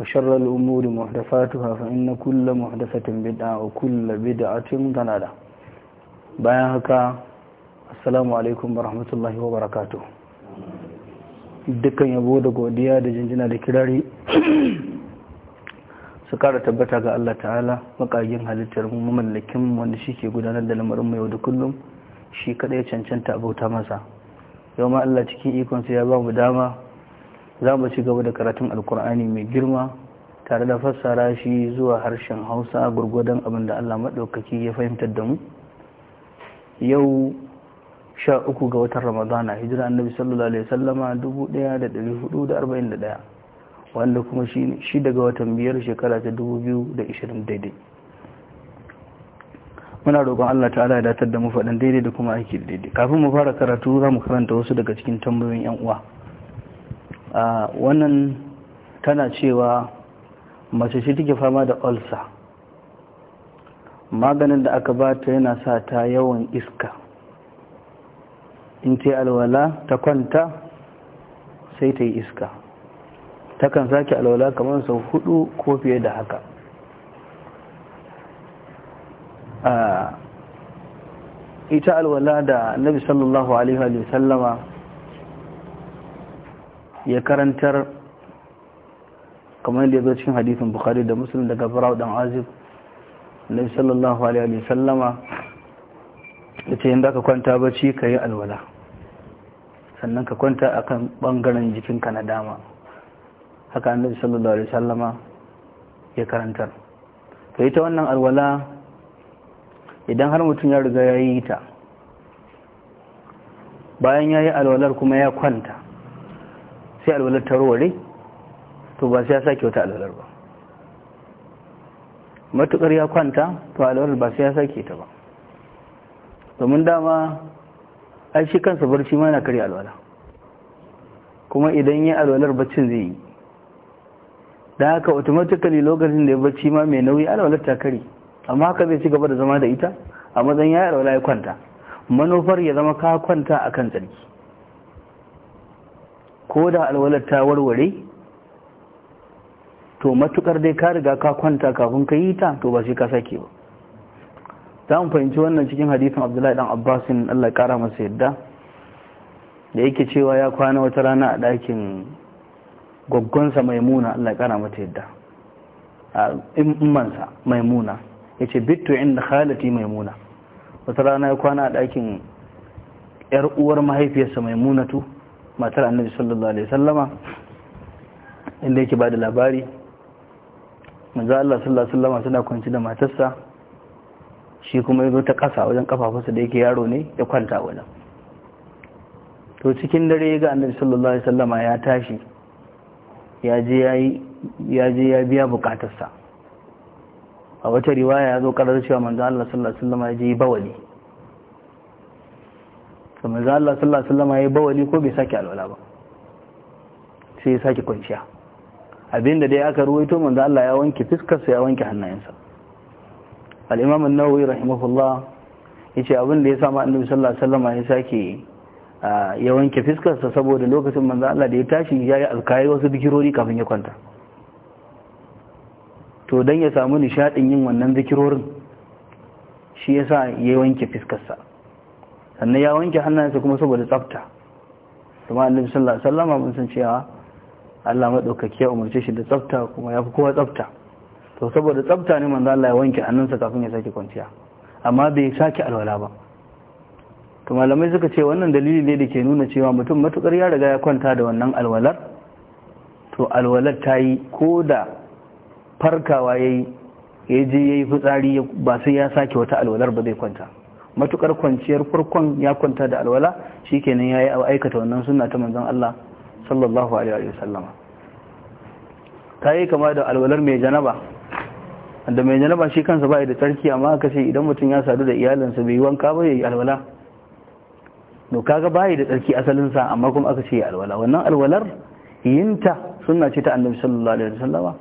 وشر الأمور محدثاتها فإن كل محدثة بدعة وكل بدعة ضلالة bayan haka assalamu rahmatullahi wa wabarakatuh dukkan yabo da godiya da jinjina da kirari su kara tabbata ga Allah ta'ala makagin halittar mu mamallakin wanda shi ke gudanar da lamarin mai yau da kullum shi kadai cancanta abota masa yau ma Allah cikin ikonsa ya ba mu dama za mu ci gaba da karatun alkur'ani mai girma tare da fassara shi zuwa harshen hausa gurgudan abin da allah maɗaukaki ya fahimtar da mu yau sha uku ga watan ramadana hijira annabi sallallahu alaihi sallama dubu ɗaya da ɗari hudu da arba'in da ɗaya wanda kuma shi daga watan biyar shekara ta dubu biyu da ishirin daidai muna roƙon allah ta'ala ya datar da mu faɗin daidai da kuma aiki daidai kafin mu fara karatu za mu karanta wasu daga cikin tambayoyin yan uwa a wannan tana cewa mace shi take fama da ulcer maganin da aka bata yana sa ta yawan iska in ta alwala ta kwanta sai ta yi iska takan sake alwala kamar sau hudu ko fiye da haka ita alwala da nabi sallallahu alaihi wa sallama ya karantar kamar yadda ya zo cikin hadithin bukhari da muslim daga farawa dan azib nabi sallallahu alaihi wa sallama ya ce yadda ka kwanta bacci ka yi alwala sannan ka kwanta akan bangaren jikinka na dama haka annabi sallallahu alaihi wa sallama ya karantar Ka yi ta wannan alwala idan har mutum ya riga ya yi ta bayan ya yi alwalar kuma ya kwanta sai alwalar tarware to ba sai ya sake wata alwalar ba matukar ya kwanta to alwalar ba sai ya sake ta ba domin dama an shi kansa barci ma yana karya alwala kuma idan ya alwalar baccin zai yi da haka automatically lokacin da ya bacci ma mai nauyi alwalar ta kari amma haka zai ci gaba da zama da ita a matsayin ya alwala ya kwanta manufar ya zama ka kwanta a kan tsarki ko da alwalar ta warware to matukar dai ka riga ka kwanta kafin ka yi ta to ba shi ka sake ba za mu fahimci wannan cikin hadisin abdullahi dan abbasin allah kara masa yadda da yake cewa ya kwana wata rana a ɗakin gwaggonsa maimuna allah kara mata yadda a immansa maimuna ya ce Bitto inda khalati maimuna wata rana ya kwana a ɗakin yar uwar mahaifiyarsa maimunatu matar annabi sallallahu alaihi sallama inda yake ba da labari manzo Allah sallallahu alaihi sallama suna kwanci da matarsa shi kuma ya zo ta ƙasa wajen kafafunsa da yake yaro ne ya kwanta wajen to cikin dare ya ga annabi sallallahu alaihi sallama ya tashi ya je ya biya bukatarsa a wata riwaya ya zo ƙarar cewa manzo Allah sallallahu alaihi sallama ya je bawali to manzo Allah sallallahu alaihi wasallam yayi bawali ko bai saki alwala ba sai ya saki kwanciya abinda dai aka ruwaito manzo Allah ya wanke fiskar sa ya wanke hannayensa al-imam an-nawawi rahimahullah yace abin da ya sa manzo annabi sallallahu alaihi wasallam ya saki ya wanke fiskar sa saboda lokacin manzo Allah da ya tashi yi alkai wasu dikirori kafin ya kwanta to dan ya samu nishadin yin wannan dikirorin shi yasa ya wanke fiskar sa sannan ya wanke hannayensa kuma saboda tsafta kuma annabi sallallahu alaihi wasallam mun san cewa Allah madaukaki ya umarce shi da tsafta kuma yafi kowa tsafta to saboda tsafta ne manzo Allah ya wanke hannunsa kafin ya sake kwanciya amma bai sake alwala ba to malamai suka ce wannan dalili ne da ke nuna cewa mutum matukar ya riga ya kwanta da wannan alwalar to alwalar ta yi ko da farkawa ya yi ya je ya yi fitsari ba sai ya sake wata alwalar ba zai kwanta matukar kwanciyar farkon ya kwanta da alwala shikenan yayi aikata wannan sunna ta manzon Allah sallallahu alaihi wasallama ta yi kama da alwalar mai janaba da mai janaba shi kansa bai da tsarki amma aka ce idan mutum ya sadu da iyalinsa bai yi wanka ba yayi alwala to kaga bai da tsarki asalin sa amma kuma aka ce alwala wannan alwalar yinta sunna ce ta annabi sallallahu alaihi wasallama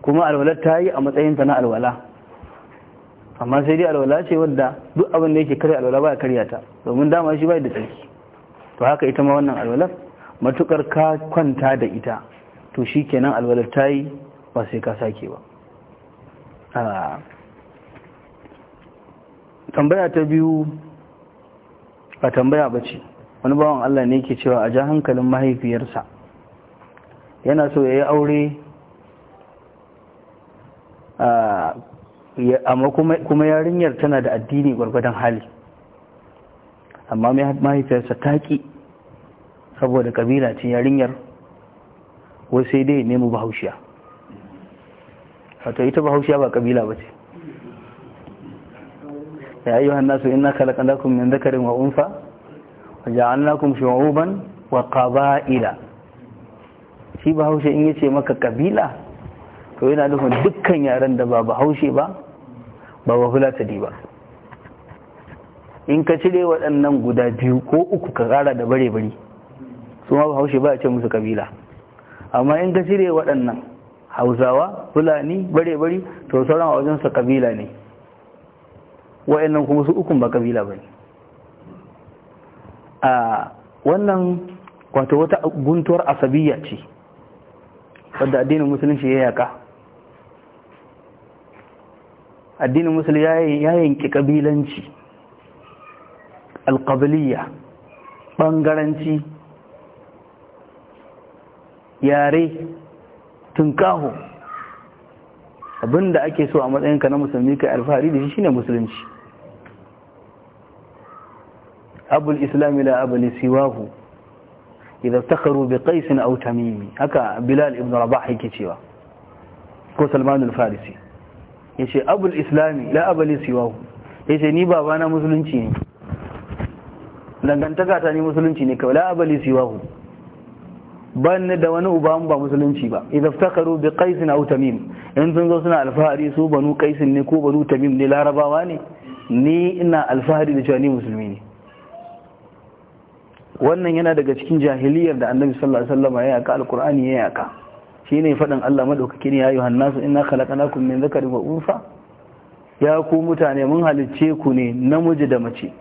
kuma alwalar ta yi a matsayin ta na alwala amma sai dai alwala ce wadda duk abin da yake karya alwala ba karya ta domin dama shi bai da tsarki to haka ita ma wannan alwalar matukar ka kwanta da ita to shi kenan alwalar ta yi ba sai ka sake ba tambaya ta biyu ba tambaya ba ce wani bawan Allah ne ke cewa a ja hankalin mahaifiyarsa yana so ya yi aure amma kuma yarinyar tana da addini gwargwadon hali amma mahaifiyarsa ta ƙi saboda ƙabila ce yarinyar wai sai dai nemo bahaushiya wato ita bahaushiya ba ƙabila ba ce ya ayyuhan nasu inna khalaqnakum min dhakarin wa unfa wa ja'alnakum shu'uban wa ƙaba'ila shi bahaushe in yace maka ƙabila to yana nufin dukkan yaren da ba bahaushe ba ba ba fulatani ba in ka cire waɗannan guda biyu ko uku ka ƙara da bare-bare su ma haushe ba a ce musu kabila amma in ka cire waɗannan hausawa fulani bare-bare to sauran wajensa kabila ne waɗannan kuma su ukun ba kabila ba a wannan wato wata guntuwar Asabiyya ce wadda addinin musulunci ya yaka addinin Musulmi ya yanki ƙabilanci alƙabiliya ɓangaranci yare tunkaho abinda ake so a matsayinka na musulmi kai alfahari da shi shine musulunci abul islami la abul siwahu idan takaru bi qaisin aw tamimi haka bilal ibn rabah yake cewa ko salman farisi yace abul islami la abali siwahu yace ni babana musulunci ne dangantaka ta ni musulunci ne kawai la abali siwahu ban da wani uba ba musulunci ba idan takaru bi qais aw tamim in sun zo suna alfahari su banu kaisin ne ko banu tamim ne larabawa ne ni ina alfahari da cewa ni musulmi ne wannan yana daga cikin jahiliyar da annabi sallallahu alaihi wasallam ya yaka alqur'ani ya yaka Shi ne faɗin Allah maɗaukakin ya yi hannasu ina khalaqnakum min zaka wa unsa ya ku mutane mun halicce ku ne namiji da mace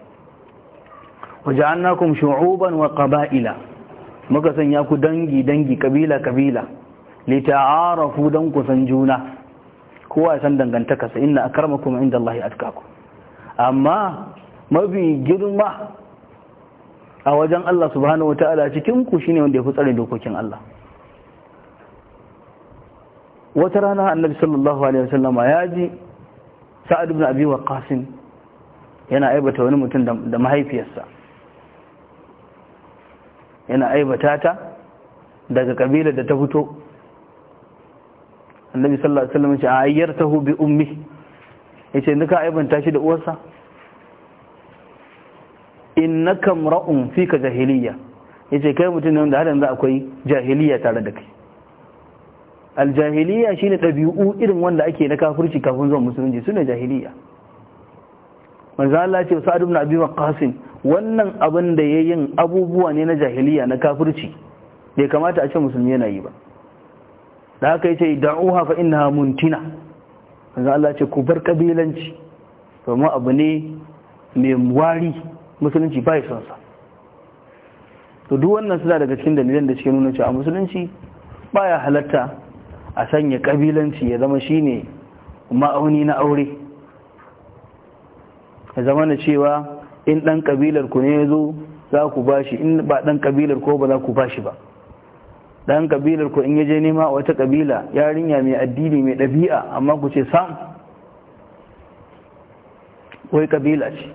Waje an nakun shu'uban wa ƙaba'ila. muka sanya ku dangi dangi ƙabila kabila lita'arafu dan ku san juna kowa ya san dangantaka sa inna kuma inda Allah ya ku. amma mafi girma a wajen Allah subhanahu ta'ala cikin ku shine wanda ya fi tsare dokokin Allah wata rana annabi sallallahu alaihi wasallama ya ji sa'ad ibn abi waqas yana aibata wani mutum da mahaifiyarsa yana aibata ta daga kabila da ta fito annabi sallallahu alaihi wasallam ya ce ayyartahu bi ummi yace indaka aibanta shi da uwarsa innaka mar'un fika jahiliya yace kai mutum ne wanda har yanzu akwai jahiliya tare da kai aljahiliya shine ɗabi'u irin wanda ake na kafirci kafin zuwa musulunci su ne jahiliya manzo Allah ce Sa'ad ibn Abi kasin. wannan abin da ya yin abubuwa ne na jahiliya na kafirci bai kamata a ce musulmi yana yi ba da haka yace da'uha fa ina muntina manzo Allah ce ku bar kabilanci domin abu ne mai wari musulunci ya son sa to duk wannan suna daga cikin dalilan da suke nuna cewa musulunci baya halatta a sanya kabilanci ya zama shine ma'auni na aure ya zama na cewa in ɗan kabilar ku ne ya zo za ku bashi, shi in ba ɗan kabilar ko ba za ku bashi ba ɗan kabilar ku in ya je nema wata kabila yarinya mai addini mai ɗabi'a amma ku ce sam wai kabila ce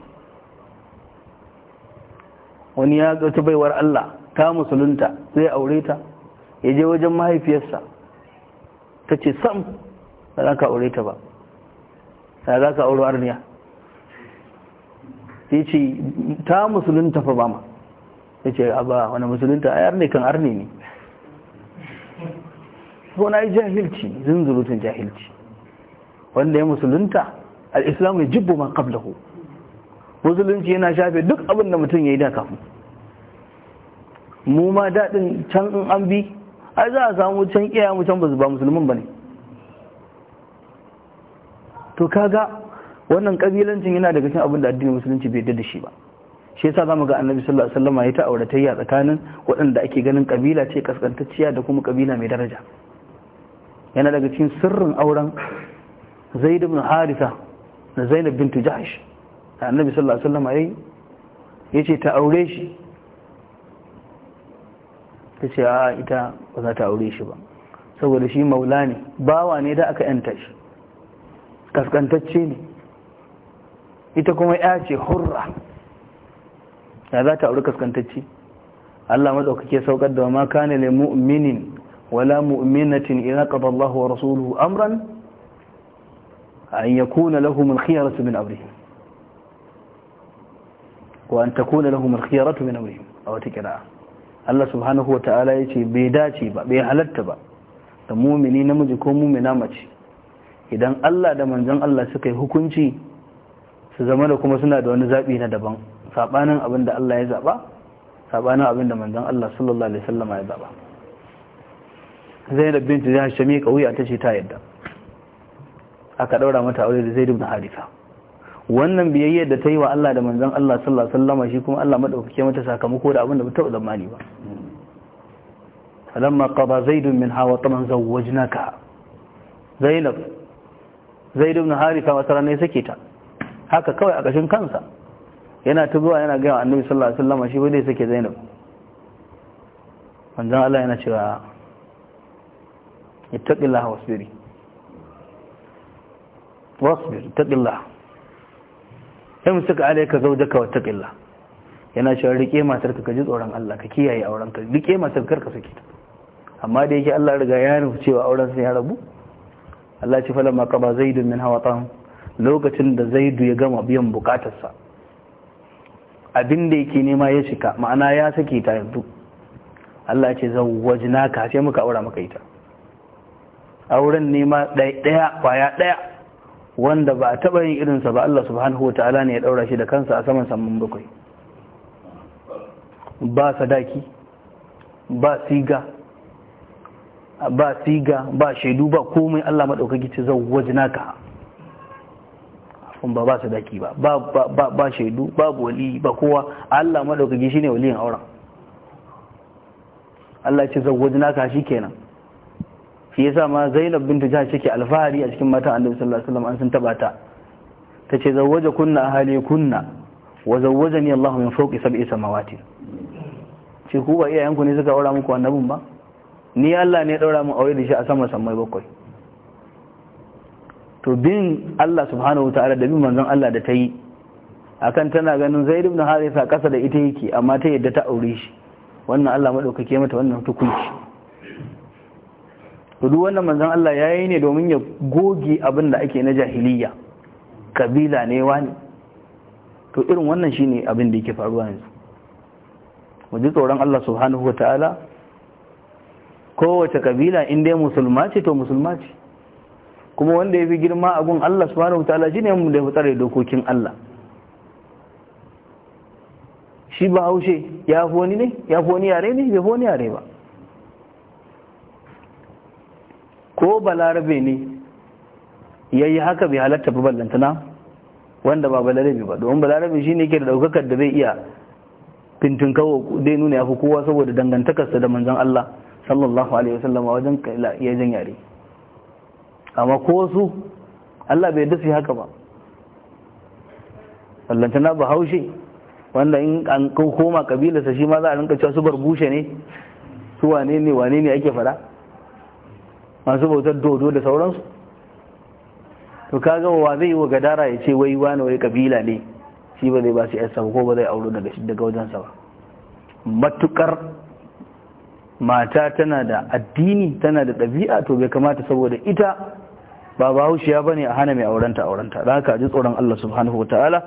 wani ya ga baiwar Allah ta musulunta zai aure ta ya je wajen mahaifiyarsa ta ce sam ba za ka aure ta ba ya za ka aure arniya ya ce ta musulunta fa ba ma ya ce ba wani musulunta ayar ne kan arni ne ko na yi jahilci zunzurutun jahilci wanda ya musulunta al'islamu ya jibbo ma kablahu musulunci yana shafe duk abin da mutum ya yi da kafin mu ma daɗin can an bi ai za a samu can iyayen mu can ba ba musulmin ne to kaga wannan kabilancin yana daga cikin abin da addinin musulunci bai yarda da shi ba shi yasa zamu ga annabi sallallahu alaihi wasallam ya ta auratayya tsakanin waɗanda ake ganin kabila ce kaskantacciya da kuma kabila mai daraja yana daga cikin sirrin auren zaid ibn harisa da zainab Bintu jahsh annabi sallallahu alaihi wasallam yayi yace ta aure shi ta ce a ita ba za ta aure shi ba saboda shi maula ne bawa ne da aka yanta shi kaskantacce ne ita kuma ya ce hurra ya za ta aure kaskantacce Allah matsaukake saukar da ma kana lil mu'minin wala mu'minatin idza qada Allahu wa rasuluhu amran an yakuna lahum al-khiyaratu min amrihim wa an takuna lahum al-khiyaratu min amrihim aw tikra'a Allah subhanahu wata'ala ya ce bai dace ba bai halatta ba da mumini namiji ko mumina mace idan Allah da manzon Allah suka yi hukunci su zama da kuma suna da wani zaɓi na daban saɓanin abin da Allah ya zaɓa saɓanin abin da manzon Allah sallallahu alaihi wasallam ya zaɓa Zainab bint Jahsh ta miƙa ta ce ta yadda aka ɗaura mata aure da Zaid ibn harisa wannan biyayyar da ta yi wa Allah da manzon Allah sallallahu alaihi wasallam shi kuma Allah madaukake mata sakamako da abin da ba ta zamani ba falamma qada zaid min hawa taman zawwajnaka zainab zaid ibn haritha wata rana sake ta haka kawai a kashin kansa yana tubuwa yana gaya wa annabi sallallahu alaihi wasallam shi bai sake zainab manzon Allah yana cewa ittaqillaha wasbiri wasbir ittaqillaha imsik alayka zawjaka wattaqillah yana cewa rike matarka ka ji tsoron Allah ka kiyaye aurenka rike matarka ka saki ta amma da yake Allah riga ya nufi cewa auren sun ya rabu Allah ce makaba qaba zaidun hawa hawatan lokacin da zaidu ya gama biyan bukatarsa abin da yake nema ya shika ma'ana ya saki ta yanzu Allah ce zawwajnaka sai muka aura maka ita auren nema daya kwaya daya wanda ba a taɓa yin irinsa ba Allah subhanahu wa ta'ala ne ya ɗaura shi da kansa a saman saman bakwai ba sadaki ba siga ba siga ba shaidu ba komai Allah maɗaukaki ce zawwajnaka kun ba ba sadaki ba ba shaidu ba wali ba kowa Allah maɗaukaki shine waliyin auren Allah ce zawwajnaka shikenan shi yasa ma Zainab bintu Jahsh take alfahari a cikin matan Annabi sallallahu alaihi wasallam an sun taba ta tace zawwaja kunna ahali kunna wa zawwajani Allah min fawqi sab'i samawati ce ku ba iyayen ku ne suka aura muku annabin ba ni Allah ne ya daura mu aure da shi a sama samai bakwai to bin Allah subhanahu wa ta'ala da bin manzon Allah da ta yi akan tana ganin Zaid ibn harisa kasa da ita yake amma ta yadda ta aure shi wannan Allah madaukake mata wannan hukunci to duk wannan manzon Allah yayi ne domin ya goge abin da ake na jahiliya kabila ne wani to irin wannan shine abin da yake faruwa yanzu waje tsoron Allah subhanahu ta'ala kowace kabila in dai musulma ce to musulma ce kuma wanda ya fi girma a gun Allah subhanahu ta'ala shine mu da tsare da dokokin Allah shi ba haushe ya fi wani ne ya fi wani yare ne ya fi wani yare ba ko balarabe ne ya yi haka bai halatta ba ballantana wanda ba balarabe ba domin balarabe shi ne ke da daukakar da zai iya fintin kawo dai nuna ya fi kowa saboda dangantakarsa da manzan Allah sallallahu alaihi wasallam a wajen ya jan yare amma ko wasu Allah bai yi haka ba ballantana ba haushe wanda in an koma kabilarsa shi ma za a rinka cewa su barbushe ne su wane ne wane ne ake fada masu bautar dodo da sauransu to kaga wa zai yi wa gadara ya ce wai wani wai kabila ne shi ba zai ba su yarsa ko ba zai auro daga shi daga wajensa ba matukar mata tana da addini tana da ɗabi'a to bai kamata saboda ita ba ba bahaushiya ba ne a hana mai aurenta aurenta da haka ji tsoron Allah subhanahu wa ta'ala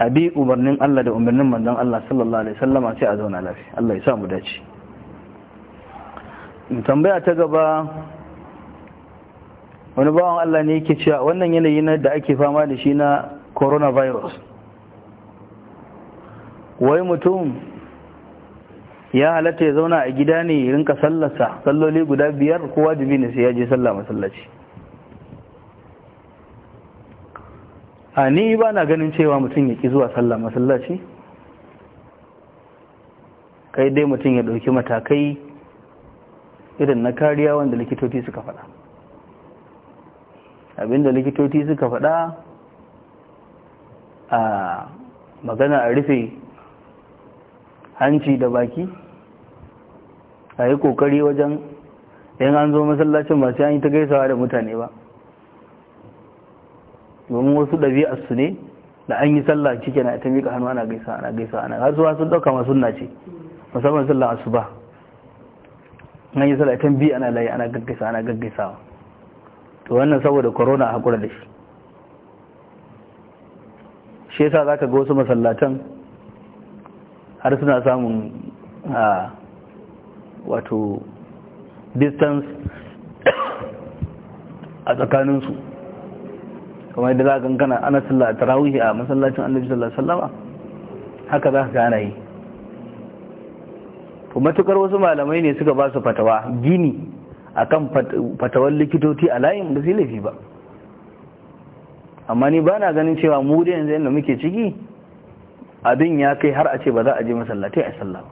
a bi umarnin Allah da umarnin manzon Allah sallallahu alaihi wasallama sai a zauna lafiya Allah ya sa mu dace tambaya ta gaba wani bawan Allah ne yake cewa wannan yanayi na da ake fama da shi na coronavirus wai mutum ya halatta ya zauna a gida ne rinka sallarsa salloli guda biyar ko wajibi ne sai ya je sallah masallaci a ni ba na ganin cewa mutum ya ki zuwa sallah masallaci kai dai mutum ya ɗauki matakai irin na kariya wanda likitoci suka faɗa abinda likitoci suka faɗa a magana a rufe hanci da baki a yi kokari wajen yin an zo masallacin masu yanyi ta gaisawa da mutane ba domin wasu ɗabi'arsu ne da an yi sallah cike na ta miƙa hannu ana gaisawa, ana gaisawa ana har sun ɗauka masu nace, ce musamman sallah ba an yi sallah ta biyu ana layi ana ana gaggaisawa to wannan saboda corona a haƙura da shi shi yasa za ka ga wasu masallatan har suna samun a wato distance a tsakaninsu kamar yadda za ka ana sallah a tarawihi a masallacin annabi sallallahu alaihi wasallama haka za ka gana yi to matukar wasu malamai ne suka ba su fatawa gini akan fatawar likitoci a layin da zai laifi ba amma ni ba na ganin cewa mu da yanzu yadda muke ciki abin ya kai har a ce ba za a je masallatai a sallah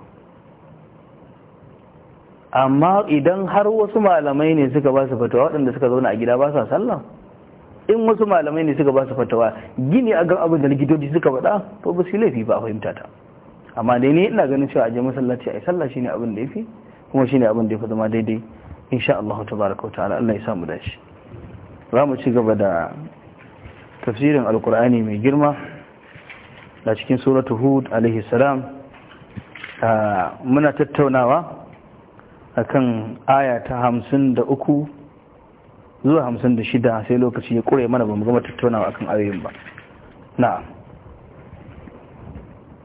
amma idan har wasu malamai ne suka ba su fatawa waɗanda suka zauna a gida ba su sallah in wasu malamai ne suka ba su fatawa gini a gan abin da likitoci suka faɗa to ba su laifi ba a fahimta ta amma dai ne ina ganin cewa a je masallaci a yi sallah shine abin da ya fi kuma shine abin da ya fi zama daidai insha Allah tabaraka ta'ala Allah ya samu dashi za mu ci gaba da tafsirin alkur'ani mai girma da cikin suratu hud alaihi salam muna tattaunawa akan aya ta hamsin da uku zuwa hamsin da shida sai lokaci ya kure mana ba mu gama tattaunawa akan ayoyin ba na'am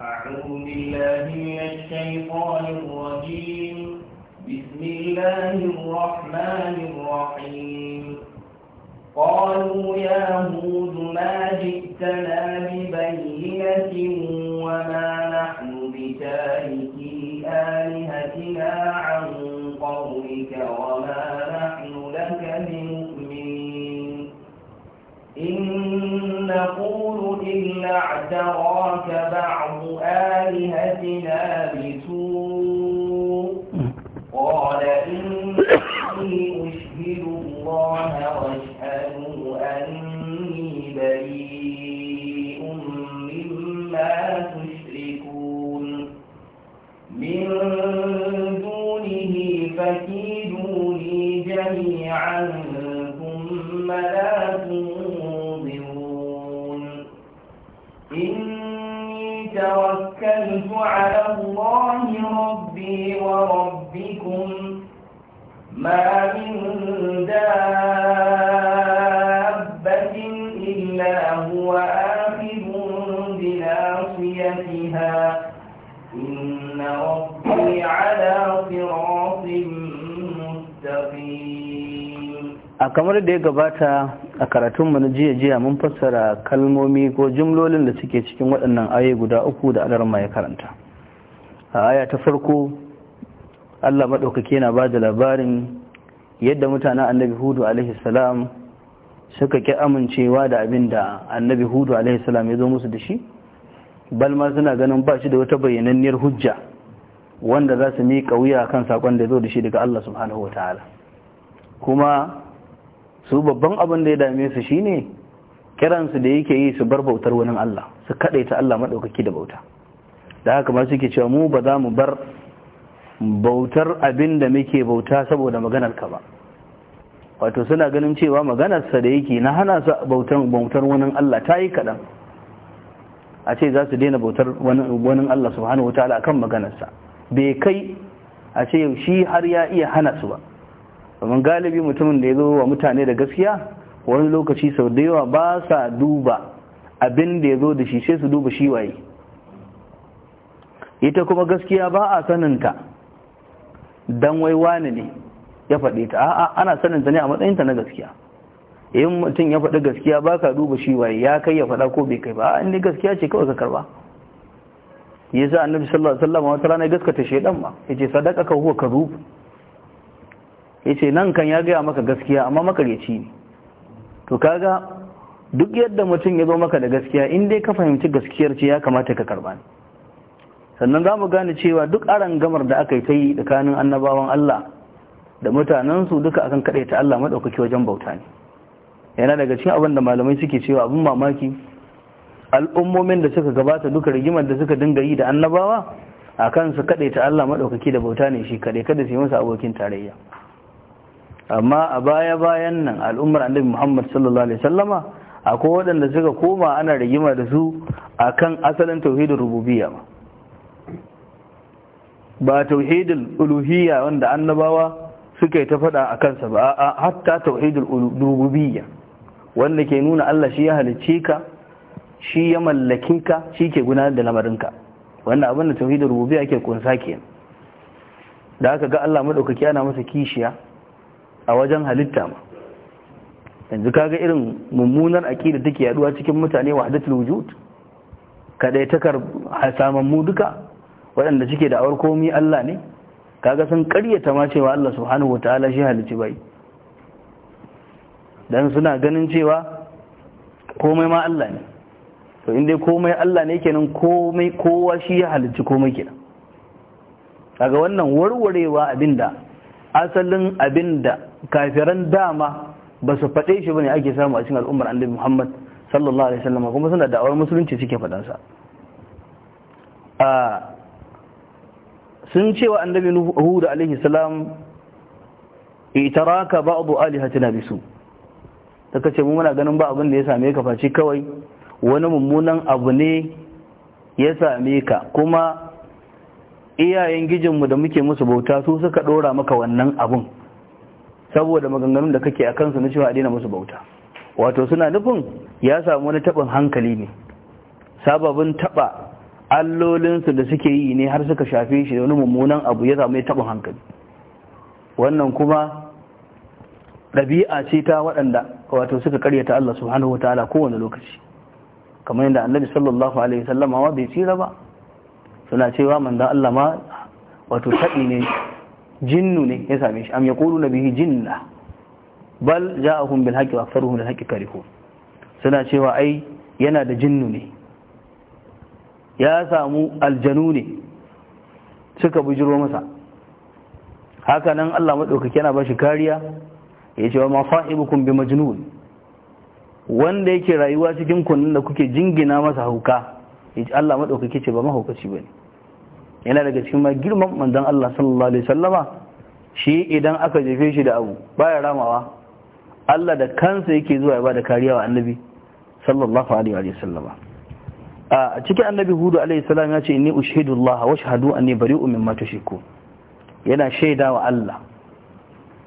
أعوذ بالله من الشيطان الرجيم بسم الله الرحمن الرحيم قالوا يا هود ما جئتنا ببينة وما نحن بتاركي آلهتنا عن قولك وما نحن لك بمؤمنين إن نقول إلا اعتراك بعض آلهتنا بمؤمنين الله واشهدوا أني بريء مما تشركون من دونه فكيدوني جميعا ثم لا تنظرون إني توكلت على الله ربي وربكم ما من دابة إلا هو ya بناصيتها إن ربي على صراط a karatunmu na jiya jiya mun fassara kalmomi ko jumlolin da suke cikin waɗannan aye guda uku da ma ya karanta a aya ta farko allah maɗaukaki na ba da labarin yadda mutanen annabi hudu alaihi salam suka ki amincewa da abin da annabi hudu alaihi salam ya zo musu da shi balma suna ganin ba shi da wata bayyananniyar hujja wanda za su miƙa wuya kan sakon da zo da shi daga Allah subhanahu wa ta'ala kuma su babban abin da ya dame su shine kiransu da yake yi su bar bautar wani Allah su ta Allah maɗaukaki da bauta da haka ma suke cewa mu ba za mu bar bautar abin da muke bauta saboda maganarka ba wato suna ganin cewa maganarsa da yake na hana su bautar wani Allah ta yi kaɗan a ce za su daina bautar wani Allah subhanahu wa ta'ala kan maganarsa bai kai a ce shi har ya iya hana su ba domin galibi mutumin da ya zo wa mutane da gaskiya wani lokaci sau da yawa ba sa duba abin da ya zo da shi sai su duba shi waye ita kuma gaskiya ba a saninta dan wai wani ne ya faɗe ta a'a ana sanin ta ne a matsayin ta na gaskiya in mutum ya faɗi gaskiya baka duba shi waye ya kai ya faɗa ko bai kai ba a'a inda gaskiya ce kawai ka karba yasa annabi sallallahu alaihi wasallam wata rana ya gaskata shedan ma yace ka huwa kadhub yace nan kan ya gaya maka gaskiya amma makareci ne to kaga duk yadda mutum ya zo maka da gaskiya in dai ka fahimci gaskiyar ce ya kamata ka karba sannan za mu gane cewa duk aran gamar da aka yi ta yi tsakanin annabawan Allah da mutanensu duka akan kaɗai ta Allah maɗaukaki wajen bauta ne yana daga cikin abin da malamai suke cewa abin mamaki al'ummomin da suka gabata duka rigimar da suka dinga yi da annabawa a kan su kaɗai ta Allah maɗaukaki da bauta ne shi kaɗai kada su yi masa abokin tarayya amma a baya bayan nan al'ummar annabi muhammad sallallahu alaihi sallama akwai waɗanda suka koma ana rigima da su akan asalin tauhidin rububiyya ba tauhidul uluhiyya wanda annabawa suka ta faɗa a kansa ba a hatta tauhidul rububiyya wanda ke nuna Allah shi ya halicce ka shi ya mallake ka shi ke gudanar da lamarinka wanda abin da tauhidul rububiyya ke kunsa kenan da aka ga Allah madaukaki ana masa kishiya a wajen halitta ma yanzu kaga irin mummunar aqida take yaduwa cikin mutane wahdatul wujud ya takar saman mu duka waɗanda suke da'awar komi Allah ne kaga sun ƙaryata ma cewa Allah subhanahu wataala shi halici bai dan suna ganin cewa komai ma Allah ne to inda komai Allah ne kenan komai kowa shi ya halicci komai kenan kaga wannan warwarewa abinda asalin abinda kafiran dama ba su faɗe shi bane ake samu a cikin al'ummar Annabi Muhammad sallallahu alaihi wasallam kuma suna da'awar musulunci suke faɗan sa ah, sun ce wa annabi Nuhu da alaihi salam itaraka ba'du alihatina bisu ta kace mu muna ganin ba abin da ya same ka face kawai wani mummunan abu ne ya same ka kuma iyayen gijinmu da muke musu bauta su suka dora maka wannan abun saboda maganganun da kake a kansu na cewa adina daina musu bauta wato suna nufin ya samu wani tabin hankali ne sababin taɓa. allolinsu da suke yi ne har suka shafe shi da wani mummunan abu ya zama ya taɓa hankali wannan kuma ɗabi'a ce ta waɗanda wato suka karyata Allah subhanahu wa ta'ala kowane lokaci kamar yadda annabi sallallahu alaihi wasallam ma bai tsira ba suna cewa da Allah ma wato taɓi ne jinnu ne ya same shi am yaqulu bihi jinna bal ja'ahum bil haqqi wa aktharuhum lil haqqi karihun suna cewa ai yana da jinnu ne ya samu aljanu ne suka bujiro masa haka nan Allah maɗaukaki yana ba shi kariya ya ce wa ma sahibukum bi majnun wanda yake rayuwa cikin kunnin da kuke jingina masa hauka ya ce Allah maɗaukaki ce ba mahaukaci ba ne yana daga cikin ma girman manzon Allah sallallahu alaihi sallama shi idan aka jefe shi da abu baya ramawa Allah da kansa yake zuwa ya ba da kariya wa annabi sallallahu alaihi wa sallama a cikin annabi hudu alaihi salam ya ce inni ushhidullah wa shahadu anni bari'un mimma tushriku yana shaida wa Allah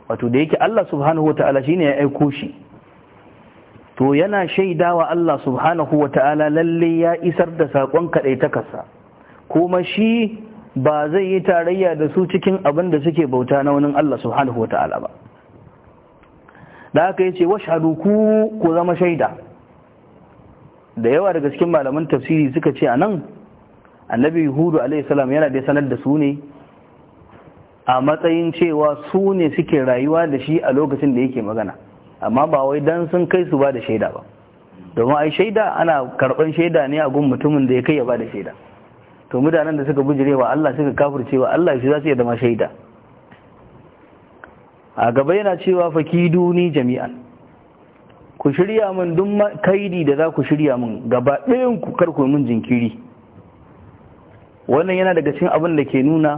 wato da yake Allah subhanahu wa ta'ala shine ya aiko shi to yana shaida wa Allah subhanahu wa ta'ala lalle ya isar da sakon kadai takasa. kuma shi ba zai yi tarayya da su cikin abin da suke bauta na wani Allah subhanahu wa ta'ala ba da haka yace washhadu ku ku zama shaida da yawa daga cikin malaman tafsiri suka ce anan annabi hudu alaihi salam yana da sanar da su ne a matsayin cewa su ne suke rayuwa da shi a lokacin da yake magana amma ba wai dan sun kai su ba da shaida ba domin ai shaida ana karban shaida ne a gun mutumin da ya kai ya ba da shaida to mutanen da suka bujire wa Allah suka kafirce cewa Allah shi za su iya zama shaida a gaba yana cewa fakiduni jami'an ku shirya min duk kaidi da za ku shirya min gaba ɗayan ku karku min jinkiri wannan yana daga cikin abin da ke nuna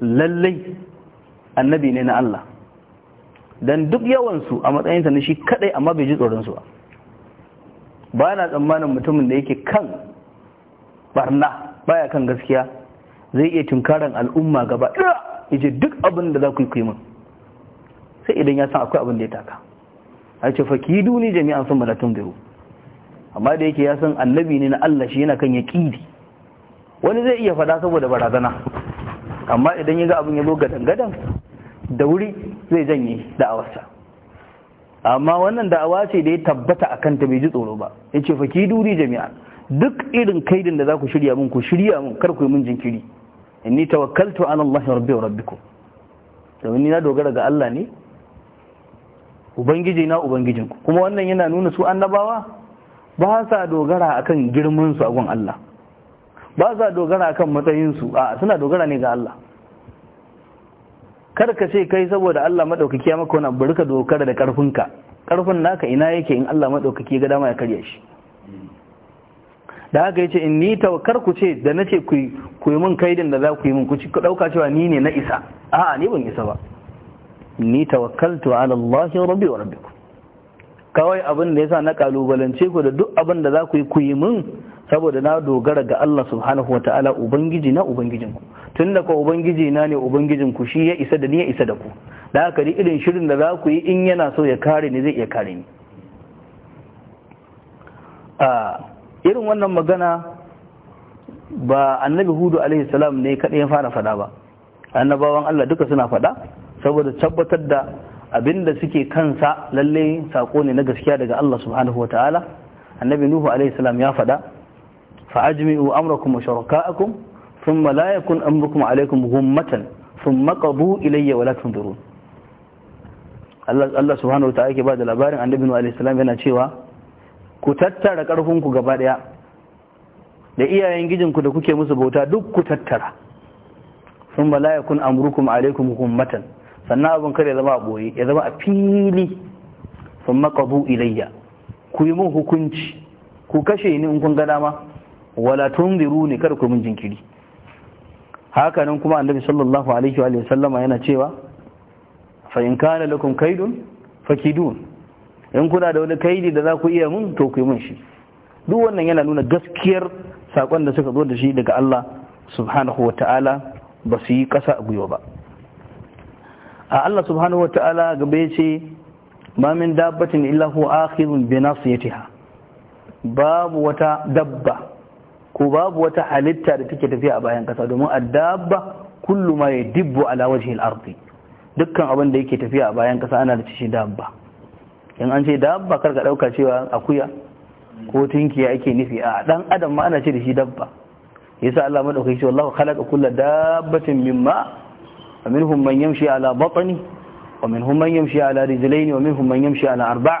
lallai annabi ne na Allah dan duk yawansu a matsayinsa na shi kadai amma bai ji tsoronsu ba ba na tsammanin mutumin da yake kan barna baya kan gaskiya zai iya tunkaran al'umma gaba ɗaya ya duk abin da za ku yi kuyi sai idan ya san akwai abin da ya taka a ce jami'an sun bala biyu amma da yake ya san annabi ne na Allah shi yana kan ya kidi wani zai iya fada saboda barazana amma idan ya ga abin ya zo gadan gadan da wuri zai janye da'awarsa amma wannan da'awa ce da ya tabbata a kanta bai ji tsoro ba ya ce faki ni jami'an duk irin kaidin da za ku shirya mun ku shirya mun kar ku yi mun jinkiri inni tawakkaltu ala Allah rabbi wa rabbikum domin ni na dogara ga Allah ne ubangiji na ubangijin kuma wannan yana nuna su annabawa ba sa dogara akan girman su a gun Allah ba sa dogara akan matsayin su a suna dogara ne ga Allah kar ka ce kai saboda Allah madaukaki ya maka wannan bari ka da karfinka karfin naka ina yake in Allah madaukaki ga dama ya karya shi da haka yace ni tawakkar ku ce da nace ku ku yi min kaidin da za ku yi min ku ci ku dauka cewa ni ne na isa a'a ni ban isa ba ni tawakkaltu ala Allah rabbi wa rabbikum kawai abin da yasa na kalubalance ku da duk abin da za ku yi ku yi mun saboda na dogara ga Allah subhanahu wataala ubangiji na ubangijin ku tunda ko ubangiji na ne ubangijin ku shi ya isa da ni ya isa da ku da haka ni irin shirin da za ku yi in yana so ya kare ni zai iya kare ni a irin wannan magana ba annabi hudu alaihi salam ne kadai ya fara fada ba annabawan Allah duka suna fada saboda tabbatar da abin da suke kansa lalle sako ne na gaskiya daga Allah subhanahu wa ta'ala annabi nuhu alaihi salam ya faɗa fa'ajmi'u amrakum wa shuraka'akum thumma la yakun amrukum alaikum ghummatan thumma qadu ilayya wa la tunzurun Allah Allah subhanahu wa ta'ala yake ba da labarin annabi nuhu alaihi salam yana cewa ku tattara karfin ku gaba daya da iyayen gijinku da kuke musu bauta duk ku tattara thumma la yakun amrukum alaikum ghummatan sannan abin kare zama a ɓoye ya zama a fili sun makabu ilayya ku yi mun hukunci ku kashe ni in kun ga dama wala tun biru ne kar ku min jinkiri haka nan kuma annabi sallallahu alaihi wa sallama yana cewa fa in kana lakum kaidun fakidun in kuna da wani kaidi da za ku iya mun to ku yi mun shi duk wannan yana nuna gaskiyar sakon da suka zo da shi daga Allah subhanahu wa ta'ala ba su yi ƙasa a gwiwa ba Allah subhanahu wataala gaba ce ma min dabbatin illa huwa akhirun bi nasiyatiha babu wata dabba ko babu wata halitta da take tafiya a bayan kasa domin addabba kullu ma yadibbu ala wajhi al-ardi dukkan abin da yake tafiya a bayan kasa ana da shi dabba in an ce dabba kar ka dauka cewa akuya ko tinkiya ake nufi a dan adam ma ana ce da shi dabba yasa Allah madaukaki ce wallahu khalaqa kulla dabbatin mimma ومنهم من يمشي على بطنه ومنهم من يمشي على رجلين ومنهم من يمشي على أربع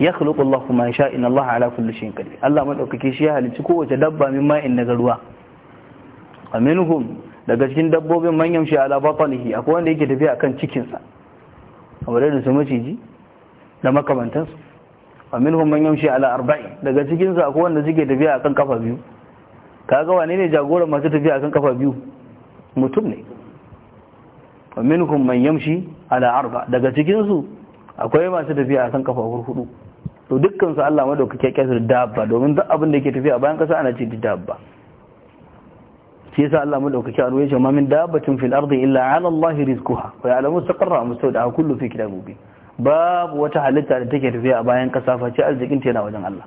يخلق الله ما يشاء إن الله على كل شيء قدير الله مدوكake shi ya halicci kowace dabba min ma'in daga ruwa aminhum daga cikin dabbobin man yamshi ala batnihi akwai wanda yake tafiya akan cikin sa kamar da su maciji da makamantan su aminhum man yamshi ala arba'i daga cikin sa akwai wanda suke tafiya akan kafa biyu kaga wane ne jagoran masu tafiya akan kafa biyu mutum ne wa minhum man yamshi ala arba daga cikin su akwai masu tafiya a kan kafafur hudu to dukkan su Allah madaukake ya kiyasa dabba domin duk abin da yake tafiya bayan kasa ana ce dabba shi yasa Allah madaukake a ruwaye ma min dabbatin fil ardi illa ala Allah rizquha wa ya'lamu wa mustawda kullu fi kitabin babu wata halitta da take tafiya a bayan kasa face arzikin ta yana wajen Allah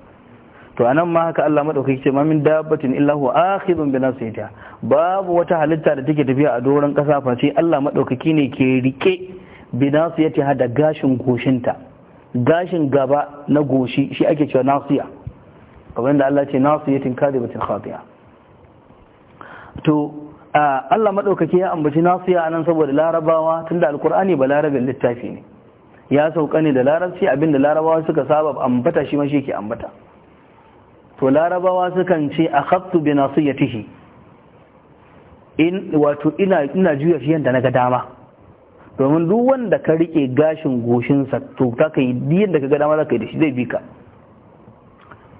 to anan ma haka Allah madaukaki ce ma min dabbatin illa huwa akhidun bi nasiyatiha babu wata halitta da take tafiya a doron kasa face Allah madaukaki ne ke rike bi nasiyatiha da gashin goshinta gashin gaba na goshi shi ake cewa nasiya kamar yadda Allah ce nasiyatin kadibatin khatiya to Allah madaukaki ya ambaci a anan saboda larabawa tunda alqur'ani ba larabin littafi ne ya sauka ne da larabci abinda larabawa suka saba ambata shi ma shi ke ambata to larabawa sukan ce a akhadtu bi ya tihi wato ina juya shi na ga dama domin duk wanda ka rike gashin goshinsa to ta diyan yadda ka ga dama za ka yi da shi zai bi ka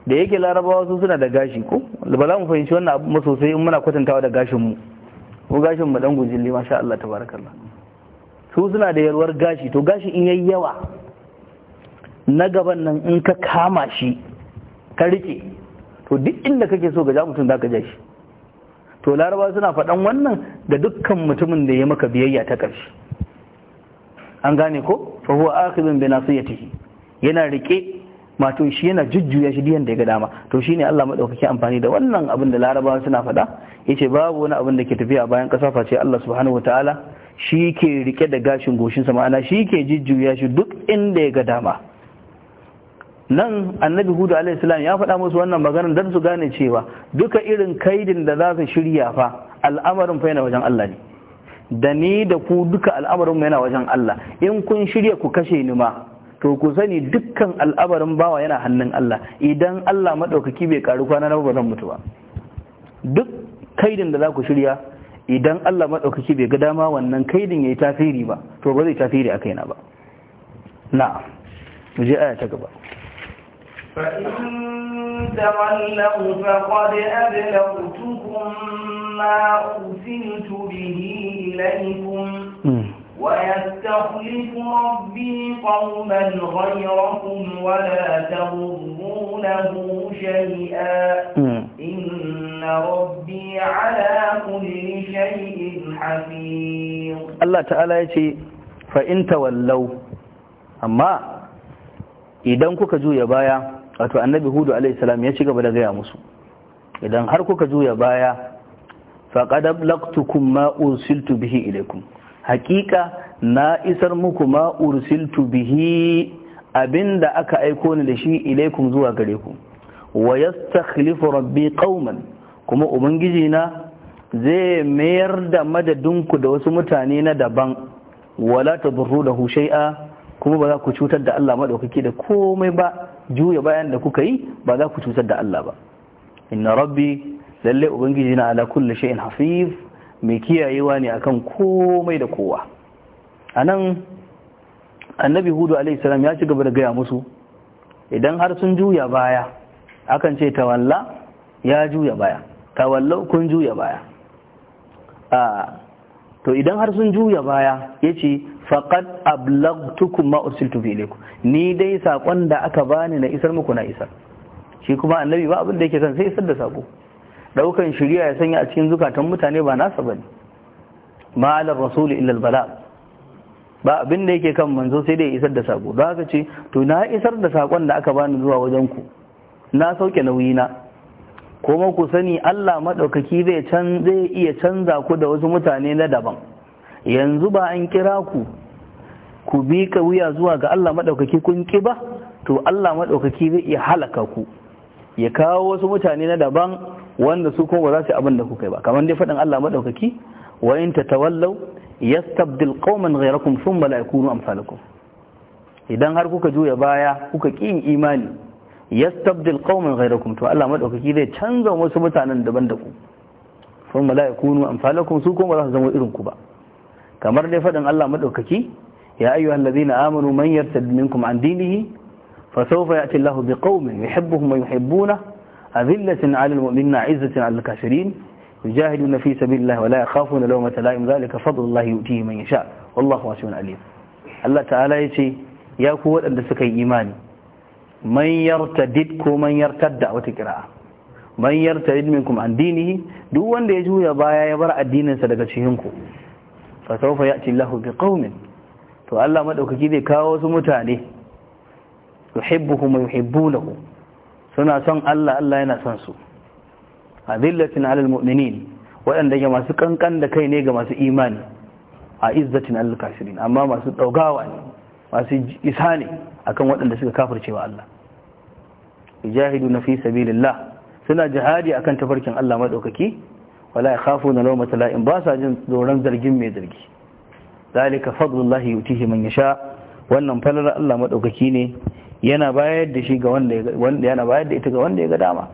da yake larabawa su suna da gashi ko ba za mu fahimci wannan abu sosai in muna kwatantawa da gashinmu ko gashin mu dan gujilli masha Allah tabarakallah su suna da yarwar gashi to gashi in yayi yawa na gaban nan in ka kama shi ka rike to duk inda kake so ga ja mutum zaka ja shi to laraba suna faɗan wannan da dukkan mutumin da ya maka biyayya ta ƙarshe an gane ko fa huwa akhidun bi nasiyatihi yana rike mato shi yana jujjuya shi diyan da ya ga dama to ne Allah madaukaki amfani da wannan abin da larabawa suna faɗa yace babu wani abin da ke tafiya bayan ƙasa face Allah subhanahu wataala shi ke rike da gashin goshinsa ma'ana shi ke jujjuya shi duk inda ya ga dama nan annabi hudu alaihissalam ya faɗa musu wannan maganar don su gane cewa duka irin kaidin da za su shirya fa al'amarin fa yana wajen Allah ne da ni da ku duka al'amarin yana wajen Allah in kun shirya ku kashe ni ma to ku sani dukkan al'amarin bawa yana hannun Allah idan Allah maɗaukaki bai karu kwana na bazan mutu ba duk kaidin da za ku shirya idan Allah maɗaukaki bai ga dama wannan kaidin ya yi tasiri ba to ba zai tasiri a kaina ba na'am mu je aya ta gaba فإن تولوا فقد أبلغتكم ما أرسلت به إليكم ويستخلف ربي قوما غيركم ولا تضرونه شيئا إن ربي على كل شيء حفيظ الله تعالى يتي فإن تولوا أما إذا كنت جوية بايا wato annabi hudu alaihi salam ya ci gaba da gaya musu idan har kuka juya baya faqad ablaqtukum ma ursiltu bihi ilaikum haqiqa na isar muku ma ursiltu bihi abinda aka aiko ni da shi ilaikum zuwa gare ku wa yastakhlifu rabbi qauman kuma ubangiji na zai mayar da ku da wasu mutane na daban wala tadurru da shay'a kuma ba za ku cutar da Allah madaukaki da komai ba juya bayan da kuka yi ba za ku cutar da Allah ba inna rabbi lalle ubangiji na ala kulli shay'in hafiz mai kiyayewa ne akan komai da kowa anan annabi hudu alaihi salam ya ci gaba da gaya musu idan har sun juya baya akan ce tawalla ya juya baya tawallau kun juya baya a ah, to idan har sun juya baya yace faqad ablagtukum ma ursiltu bi ni dai saƙon da aka bani na isar muku na isar shi kuma annabi ba abin da yake son sai isar da saƙo. daukan shari'a ya sanya a cikin zukatan mutane ba nasa bane ma ala rasul illa ba abin da yake kan manzo sai dai isar da saƙo. don haka ce to na isar da saƙon da aka bani zuwa wajen ku na sauke nauyi na kuma ku sani Allah maɗaukaki zai zai iya canza ku da wasu mutane na daban yanzu ba an kira ku ku bi ka wuya zuwa ga Allah maɗaukaki kun ki ba to Allah maɗaukaki zai iya halaka ku ya kawo wasu mutane na daban wanda su kuma ba za su abin da kuka yi ba kamar dai faɗin Allah maɗaukaki wa in tatawallaw yastabdil qauman ghayrakum thumma la yakunu amsalakum idan har kuka juya baya kuka ƙi imani yastabdil qauman ghayrakum to Allah madaukaki zai canza wasu mutanen daban da ku sun malaikunu amsalakum su kuma za su zama irin ku ba kamar dai fadin Allah madaukaki ya ayyuhal ladina amanu man yartad minkum an dinihi fa sawfa ya'ti Allahu biqaumin yuhibbuhum wa yuhibbuna azillatin 'alal mu'minina 'izzatin 'alal kafirin يجاهدون في سبيل الله ولا يخافون لومة لائم ذلك فضل الله يؤتيه من يشاء والله واسع Allah ta'ala ya ce ya ku waɗanda suka yi imani manyar yartadid ko manyar yartadda wata kira'a man yartadid minkum an duk wanda ya juya baya ya bar addininsa daga cikin ku ya sawfa ya'ti bi ƙaunin to Allah madaukaki zai kawo wasu mutane yuhibbuhum wa yuhibbunahu suna son Allah Allah yana son su adillatin alal mu'minin waɗanda ga masu ƙanƙan da kai ne ga masu imani a izzatin alal kafirin amma masu daugawa ne masu isa ne akan waɗanda suka kafircewa Allah na fi sabilillah suna jihadi akan tafarkin Allah maɗaukaki. wala na lawmata tala'in ba sa jin tsoron zargin mai zargi zalika fadlullahi yutihi ya sha. wannan falar Allah madaukaki ne yana bayar da shi ga wanda ita ga wanda ya ga dama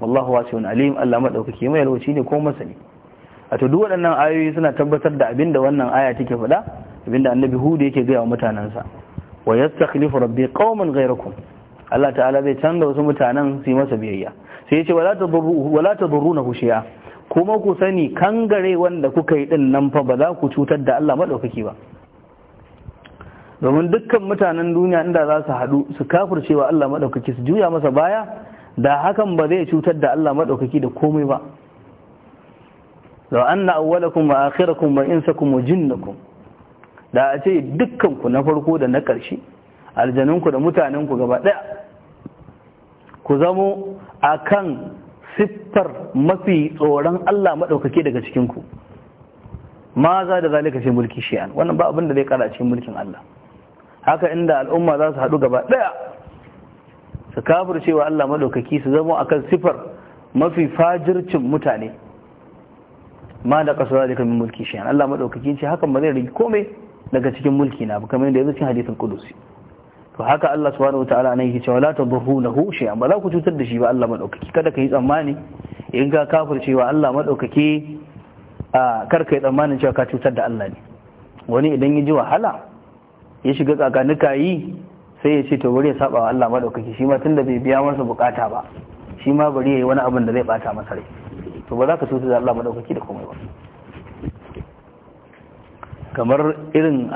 wallahu wasi'un alim Allah madaukaki mai alwaci ne ko masani a to duk waɗannan ayoyi suna tabbatar da abinda wannan aya take faɗa abinda annabi hudu yake gaya wa mutanansa wa yastakhlifu rabbi qauman ghayrakum Allah ta'ala zai canza wasu mutanen su yi masa biyayya sai ya ce wala na hushiya kuma ku sani kangare wanda kuka yi din nan fa ba za ku cutar da Allah maɗaukaki ba domin dukkan mutanen duniya inda za su haɗu su kafircewa Allah maɗaukaki su juya masa baya da hakan ba zai cutar da Allah madaukaki da komai ba law anna awwalakum wa akhirakum wa da a ce dukkan na farko da na ƙarshe aljanunku da mutanenku gaba ɗaya ku zamo a kan siffar mafi tsoron Allah maɗaukaki daga cikinku ma za da zalika ce mulki shi'an wannan ba abin da zai kara cikin mulkin Allah haka inda al'umma za su haɗu gaba ɗaya su kafir cewa Allah maɗaukaki su zamo a kan siffar mafi fajircin mutane ma da kasu za min mulki shi'an Allah maɗaukaki ce hakan ba zai rigi komai daga cikin mulki na bukamin kamar yadda ya hadisin kudusi to haka Allah subhanahu wataala ne yake cewa la tadhurunahu shay'an ba za ku cutar da shi ba Allah madaukaki kada ka yi tsammani in ka cewa Allah madaukaki a kar ka yi tsammanin cewa ka cutar da Allah ne wani idan ya ji wahala ya shiga tsakanuka yi sai ya ce to bari ya saba wa Allah madaukaki shi ma tunda bai biya masa bukata ba shi ma bari ya yi wani abin da zai bata masa rai to ba za ka cutar da Allah madaukaki da komai ba kamar irin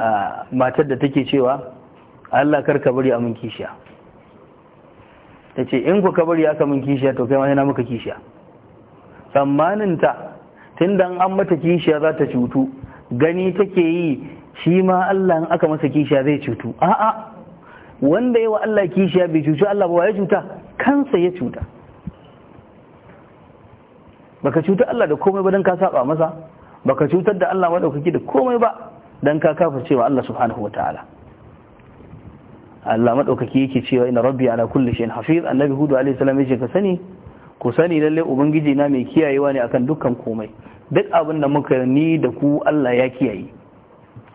matar da take cewa Allah kar ka bari a mun kishiya ta ce in ku ka bari aka mun kishiya to kai ma yana muka kishiya ta tun da an mata kishiya za ta cutu gani take yi shi ma Allah in aka masa kishiya zai cutu a'a wanda yawa Allah kishiya bai cutu, Allah ba ya cuta kansa ya cuta baka cuta Allah da komai ba dan ka saba masa baka cutar da Allah madaukaki da komai ba dan ka kafirce wa Allah subhanahu wataala Allah madaukaki yake cewa ina rabbi ala kulli shay'in hafiz annabi hudu alaihi salam yace ka sani ku sani lalle ubangiji na mai kiyayewa ne akan dukkan komai duk abin da muka ni da ku Allah ya kiyaye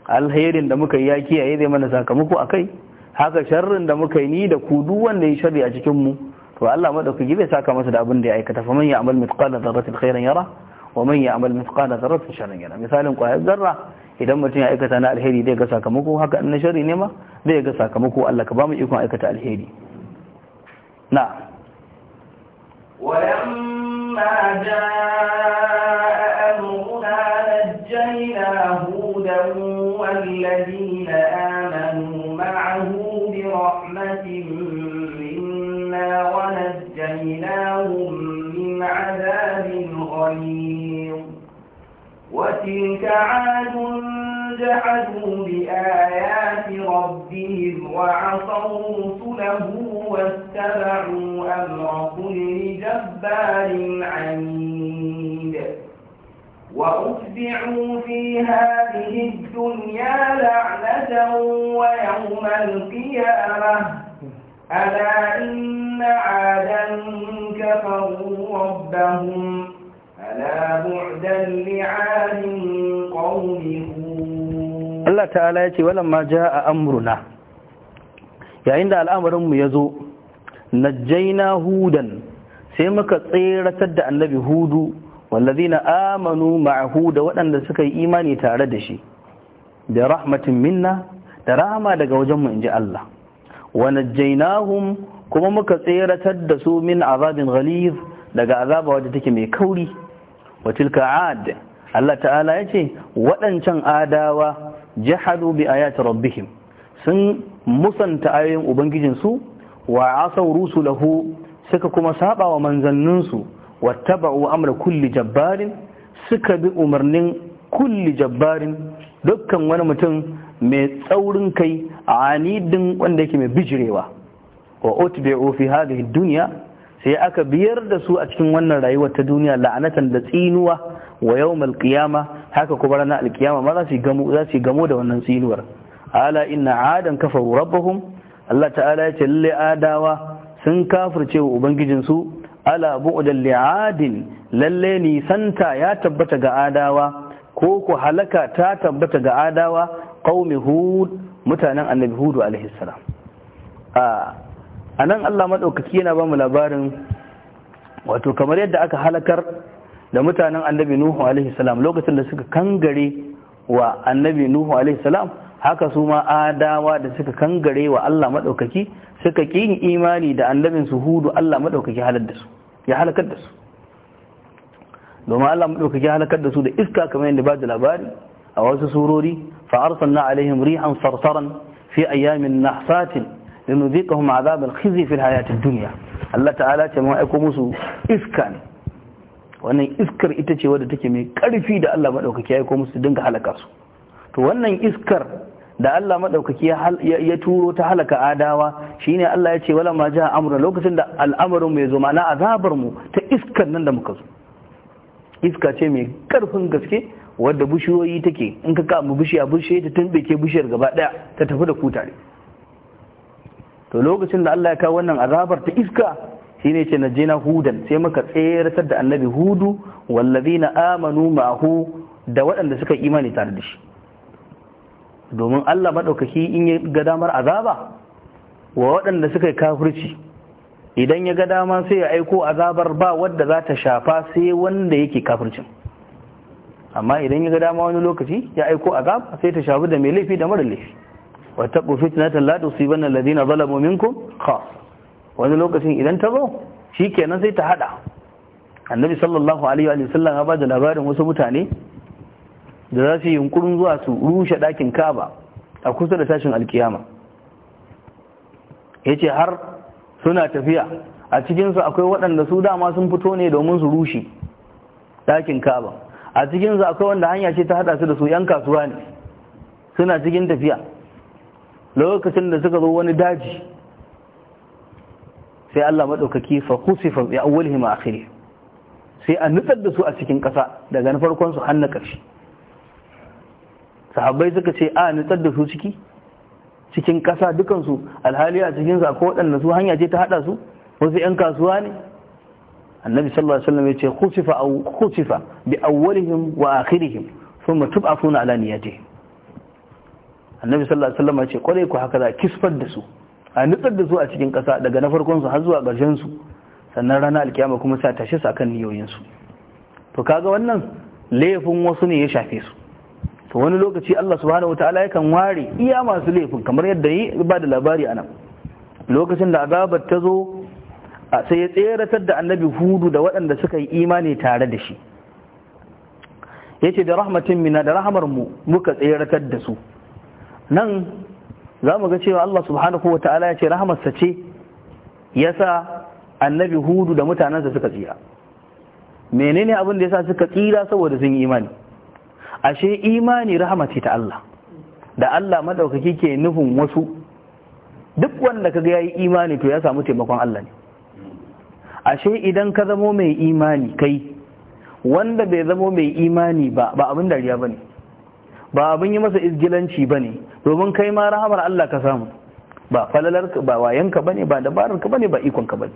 alherin da muka ya kiyaye zai mana sakamako akai haka sharrin da muka ni da ku duk wanda ya sharri a cikin mu to Allah madaukaki zai saka masa da abin da ya aikata fa man ya'mal mithqala dharratin khairan yara wa man ya'mal mithqala dharratin sharran yara misalin kwayar zarra idan mutum ya aikata na alheri zai ga sakamako haka na shari ne ma zai ga sakamako Allah ka ba mu ikon aikata alheri na walamma jaa amruna najjayna hudan walladina amanu ma'ahu bi rahmatin minna wa najjaynahum min 'adabin ghalim وتلك عاد جحدوا بآيات ربهم وعصوا رسله واتبعوا أمر كل جبار عنيد وأتبعوا في هذه الدنيا لعنة ويوم القيامة ألا إن عادا كفروا ربهم allah ta'ala ya ce هود الله تعالى يتي ولما yayin da al'amarinmu ya zo najjaina hudan sai muka tseratar da annabi hudu wallazina amanu ma'ahu da waɗanda suka yi imani tare da shi da rahmatin minna da rahama daga wajenmu in ji Allah wa najjainahum kuma muka tseratar da su min azabin ghalib daga azaba wadda take mai kauri wa tilka Allah ta'ala yace waɗancan adawa jahadu bi ayati rabbihim sun musanta ayoyin ubangijinsu wa asaw rusulahu suka kuma saba wa manzanninsu wattaba'u amra kulli jabbarin suka bi umarnin kulli jabbarin dukkan wani mutum mai tsaurin kai anidin wanda yake mai bijirewa wa utbi'u fi hadhihi dunya sai aka biyar da su a cikin wannan rayuwar ta duniya la'anatan da tsinuwa wa yawmal qiyama haka kuma ranar alkiyama ma za su gamo gamo da wannan tsinuwar ala inna adan kafaru rabbahum Allah ta'ala ya ce lalle adawa sun kafirce wa ubangijinsu ala bu'udan li'adin lalle nisanta ya tabbata ga adawa ko ku halaka ta tabbata ga adawa qaumi hud mutanen annabi hudu alaihi salam ah, a nan Allah maɗaukaki yana ba mu labarin wato kamar yadda aka halakar da mutanen annabi Nuhu alaihi salam lokacin da suka kangare wa annabi Nuhu alaihi salam haka su ma adawa da suka kangare wa Allah maɗaukaki suka ƙi imani da annabin su hudu Allah maɗaukaki ya halakar da su domin Allah maɗaukaki halakar da su da iska kamar yadda ba da labari a wasu surori fa arsalna alaihim rihan sarsaran fi ayyamin nahsatin linuziqahum azab al-khizy fi al ad-dunya Allah ta'ala ce mu aiko musu iska ne wannan iskar ita ce wadda take mai karfi da Allah madaukaki ya aiko musu dinga halaka su to wannan iskar da Allah madaukaki ya turo ta halaka adawa shine Allah ya ce wala ma ja amrun lokacin da al'amarin mai zo mana azabar mu ta iskar nan da muka zo iska ce mai karfin gaske wadda bushiyoyi take in ka kama bishiya bushe ta tumbe ke bishiyar gaba daya ta tafi da kutare to lokacin da Allah ya kawo wannan azabar ta iska shine ce na jina hudan sai muka tseratar da annabi hudu na amanu ma'ahu da waɗanda suka imani tare da shi domin Allah maɗaukaki in ya ga damar azaba wa waɗanda suka yi kafirci idan ya ga dama sai ya aiko azabar ba wadda za ta shafa sai wanda yake kafircin amma idan ya ga dama wani lokaci ya aiko azab sai ta shafi da mai laifi da mara laifi wattaqu fitnatan la tusibanna alladhina zalamu minkum khas wani lokacin idan ta zo shikenan sai ta hada annabi sallallahu alaihi wa sallam ya bada labarin wasu mutane da za su yi yunkurin zuwa su rushe dakin Kaaba a kusa da tashin alkiyama yace har suna tafiya a cikinsu akwai waɗanda su dama sun fito ne domin su rushe ɗakin Kaaba a cikinsu akwai wanda hanya ce ta hada su da su yan kasuwa ne suna cikin tafiya lokacin da suka zo wani daji sai Allah maɗaukaki fa kusifa ya awwalihi a akhiri sai a nutsar da su a cikin ƙasa daga na farkon su har na ƙarshe sahabbai suka ce a nutsar da su ciki cikin ƙasa su alhali a cikin sa ko waɗanda su hanya ce ta haɗa su wasu 'yan kasuwa ne annabi sallallahu alaihi wasallam ya ce khusifa aw khusifa bi awwalihim wa akhirihim thumma tub'athuna ala niyatihim annabi sallallahu alaihi wasallam ce kwarai ku haka za kisfar da su a nutsar da su a cikin kasa daga na farkon su har zuwa ƙarshen su sannan rana alkiyama kuma sai tashi su akan niyoyin su to kaga wannan laifin wasu ne ya shafe su to wani lokaci Allah subhanahu wataala yakan ware iya masu laifin kamar yadda yi ba da labari nan lokacin da azabar ta zo sai ya tseratar da annabi hudu da waɗanda suka yi imani tare da shi yace da rahmatin mina da rahamar mu muka tseratar da su nan za mu ga cewa Allah subhanahu wa ta'ala ya ce rahamarsa ce ya sa annabi hudu da mutanensa suka tsira menene abin da ya sa suka tsira saboda sun yi imani ashe imani rahama ta Allah da Allah madaukaki ke nufin wasu duk wanda kaga ya yi imani to ya samu taimakon Allah ne ashe idan ka zamo mai imani kai wanda bai zamo mai imani ba ba abin dariya ba ba abin yi masa izgilanci ba ne domin kai ma rahamar Allah ka samu ba falalar ba ka ba ne ba dabarar ka ba ne ba ka ba ne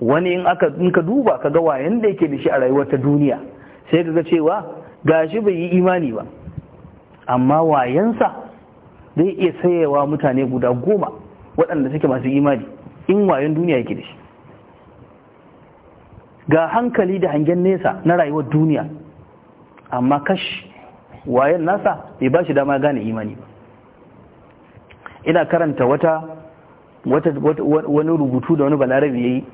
wani in aka in ka duba ka ga wayan da yake da shi a rayuwar ta duniya sai ka ga cewa gashi bai yi imani ba amma wayansa zai iya sayewa mutane guda goma waɗanda suke masu imani in wayan duniya yake da shi ga hankali da hangen nesa na rayuwar duniya amma kashi. wayan nasa bai ba shi dama gane imani ba ina karanta wata wani rubutu da wani balarabi yayi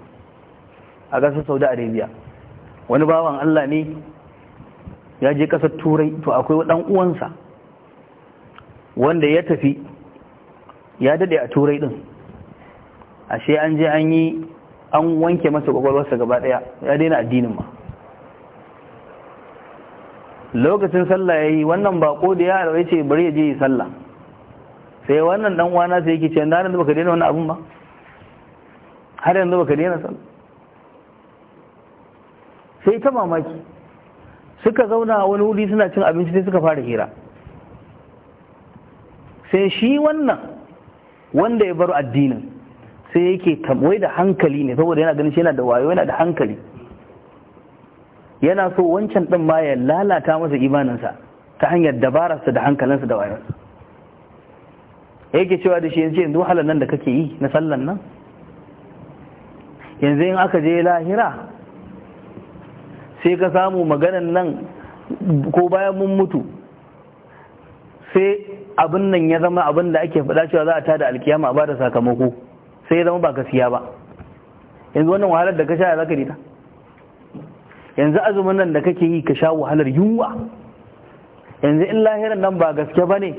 a ƙasar saudi arabia wani bawan allah ne ya je ƙasar turai to akwai ɗan uwansa wanda ya tafi ya daɗe a turai ɗin ashe an je an yi an wanke masa ƙwaƙwalwarsa gaba ɗaya ya daina addinin ma lokacin sallah ya yi wannan bako da ya rawai ce bari ya je yi sallah sai wannan dan uwana sai yake cewa na nan baka daina wannan abun ba har yanzu baka daina sallah sai ta mamaki suka zauna a wani wuri suna cin abinci sai suka fara hira sai shi wannan wanda ya bar addinin sai yake tamwai da hankali ne saboda yana ganin shi yana da wayo yana da hankali yana so wancan ɗin ma ya lalata masa imaninsa ta hanyar dabararsa da hankalinsa da Ya yake cewa da shi yanzu yanzu wahalar nan da kake yi na sallan nan yanzu in aka je lahira sai ka samu maganan nan ko bayan mun mutu sai abin nan ya zama abin da ake faɗa cewa za a tada alkiyama ba da sakamako sai ya zama ba gaskiya ba yanzu wannan wahalar da ka sha ya zaka ta yanzu azumin nan da kake yi ka sha wahalar yunwa yanzu in lahiran nan ba gaske ba ne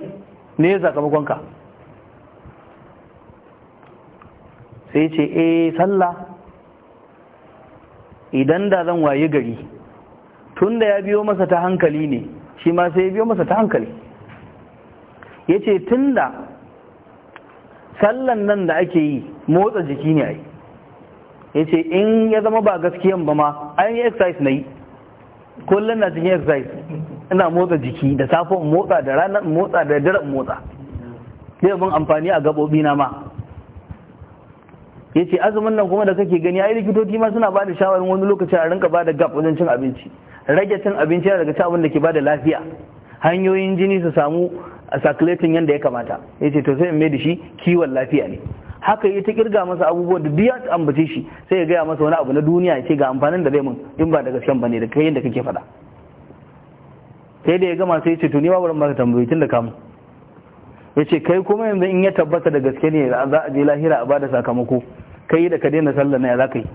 ne ya ka sai ce e sallah idan da zan waye gari tun da ya biyo masa ta hankali ne shi ma sai ya biyo masa ta hankali ya ce tun da sallan nan da ake yi motsa jiki ne a yi yace in ya zama ba gaskiyan ba ma an yi exercise nayi kullum na cikin exercise ina motsa jiki da safon motsa da rana motsa da dare motsa zai bin amfani a gabobi na ma yace azumin nan kuma da kake gani ai likitoci ma suna bada shawarin wani lokaci a rinka bada gab wajen cin abinci rage cin abinci yana daga abin da ke bada lafiya hanyoyin jini su samu a circulating yanda ya kamata yace to sai in mai da shi kiwon lafiya ne haka yi ta kirga masa abubuwan da biya ta ambace shi sai ya gaya masa wani abu na duniya ya ce ga amfanin da zai mun in ba da gasken bane da kai yadda kake faɗa sai da ya gama sai ya ce to ni ma bari ka tambayi tun da kamu ya ce kai kuma yanzu in ya tabbata da gaske ne za a je lahira a bada sakamako kai da ka daina sallar na ya za ka yi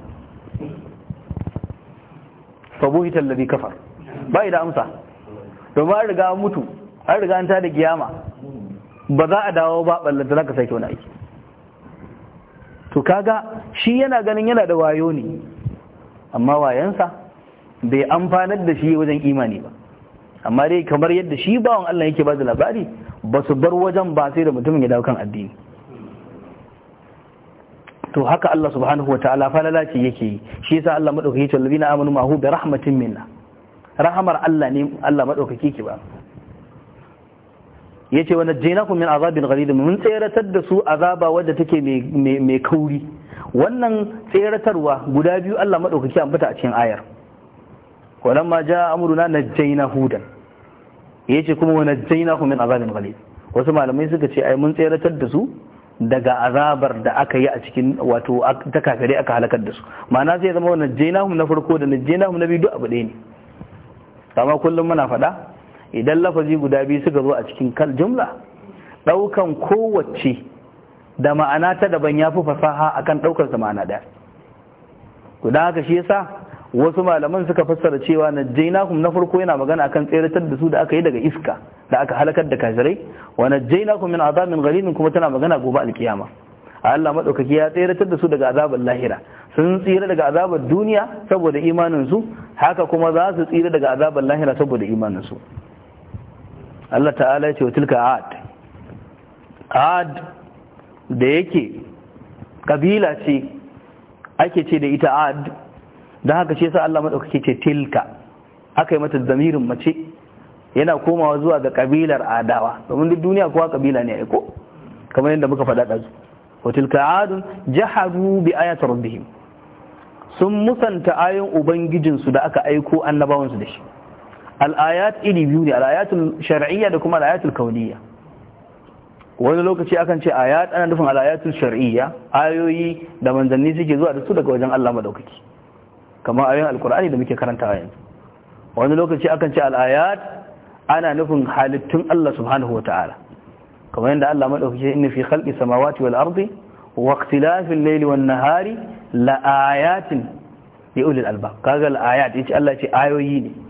fabuhitar da kafar ba da amsa domin an riga an mutu an riga an ta da giyama ba za a dawo ba ballanta za ka sake wani aiki to kaga shi yana ganin yana da wayo ne amma wayansa bai amfanar da shi wajen imani ba amma dai kamar yadda shi bawan Allah yake ba da labari ba su bar wajen ba sai da mutumin ya dawo kan addini to haka Allah subhanahu wataala falala ce yake yi shi yasa Allah madaukaki ce allazina amanu ma'ahu bi rahmatin minna rahamar Allah ne Allah madaukaki ke ba Ya wani wa najjaynakum min azabin da mun tseratar da su azaba wadda take mai kauri wannan tseratarwa guda biyu Allah maɗaukaki an fita a cikin ayar ma walamma na na najjayna hudan ce kuma wani jaina najjaynahum min azabin gari. wasu malamai suka ce ai mun tseratar da su daga azabar da aka yi a cikin wato ta kafirai aka halakar da su ma'ana zai zama wa kuma na farko da kuma na biyu duk abu ɗaya ne Kama kullum muna faɗa idan lafazi guda biyu suka zo a cikin kal jumla daukan kowacce da ma'ana ta daban yafi fasaha akan daukar sa ma'ana daya Guda haka shi yasa wasu malaman suka fassara cewa na jainakum na farko yana magana akan tseratar da su da aka yi daga iska da aka halakar da kafirai wa jainakum min azabin ghalin kuma tana magana gobe alkiyama Allah madaukaki ya tseratar da su daga azabar lahira sun tsira daga azabar duniya saboda imanin su haka kuma za su tsira daga azabar lahira saboda imanin su Allah ta'ala ya ce wa tilka ad ad da yake kabila ce ake ce da ita ad don haka ce sa Allah ke ce tilka aka yi mata zamirin mace yana komawa zuwa ga kabilar adawa domin duk duniya kowa kabila ne aiko kamar yadda muka faɗa su, wa tilka adun jahadu bi ayati rabbihim sun musanta ayoyin ubangijinsu da aka aiko annabawansu da shi al'ayat iri biyu ne al'ayatul shar'iyya da kuma al'ayatul kauniyya wani lokaci akan ce ayat ana nufin al'ayatul shar'iyya ayoyi da manzanni suke zuwa da su daga wajen Allah madaukaki kamar ayoyin alkur'ani da muke karantawa yanzu wani lokaci akan ce al'ayat ana nufin halittun Allah subhanahu wa ta'ala kamar yadda Allah madaukaki inna fi khalqi samawati wal ardi wa ikhtilafil layli wan nahari la ayatin li ulil albab kaga al ayat yace Allah ce ayoyi ne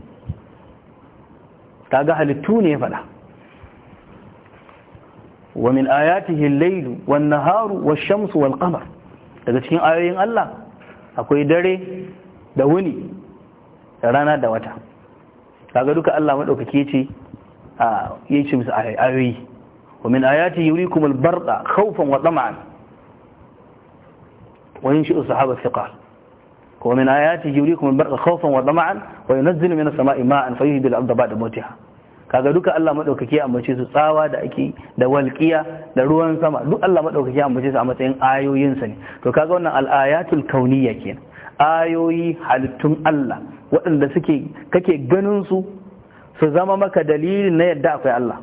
kaga halittu ne ya faɗa wa min ayatihi al laylu, wan-naharu wash-shamsu wal-qamar daga cikin ayoyin Allah akwai dare da wuni da rana da wata kaga duka Allah madaukake ce a yace musu ayoyi wa min wuri yurikum al-barqa khawfan wa tama'an wa yanshi'u sahaba thiqal ومن آياته يريكم البرق خوفا وطمعا وينزل من السماء ماء فيهد الأرض بعد موتها kaga duka Allah madaukake a mace su tsawa da ake da walqiya da ruwan sama duk Allah madaukake a mace su a matsayin ayoyin sa ne to kaga wannan al-ayatul kauniyya kenan ayoyi halittun Allah waɗanda suke kake ganin su su zama maka dalilin na yadda akwai Allah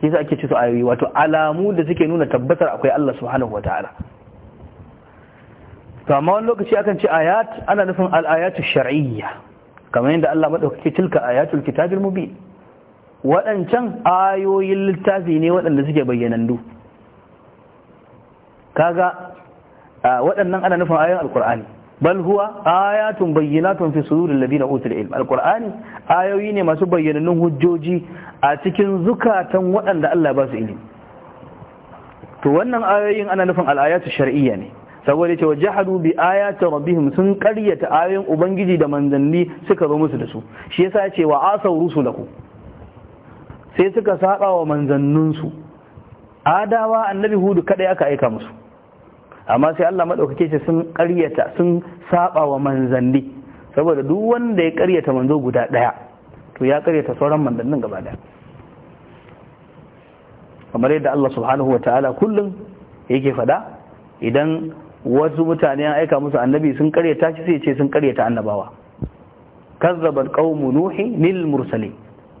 yasa ake ci su ayoyi wato alamu da suke nuna tabbatar akwai Allah subhanahu wataala to wani lokaci akan ci ayat ana nufin al'ayatu shar'iyya kamar yadda Allah madaukake tilka ayatul kitabil mubin waɗancan ayoyin littafi ne waɗanda suke bayyanandu kaga waɗannan ana nufin ayoyin alkur'ani bal huwa ayatun bayyinatun fi suduril ladina utul ilm alkur'ani ayoyi ne masu bayyanannun hujjoji a cikin zukatan waɗanda Allah ba su ilimi to wannan ayoyin ana nufin al'ayatu shar'iyya ne saboda cewa jahadu bi ayati rabbihim sun karyata ayoyin ubangiji da manzanni suka zo musu da su shi yasa ya wa asaw rusulaku sai suka saba wa manzanninsu adawa annabi hudu ya aka aika musu amma sai Allah madaukake shi sun karyata sun saba wa manzanni saboda duk wanda ya karyata manzo guda daya to ya karyata sauran manzannin gaba daya kamar yadda Allah subhanahu wataala kullum yake fada idan wasu mutane an aika musu annabi sun karyata shi sai ce sun karyata annabawa kazzabat qaumu nuhi lil mursalin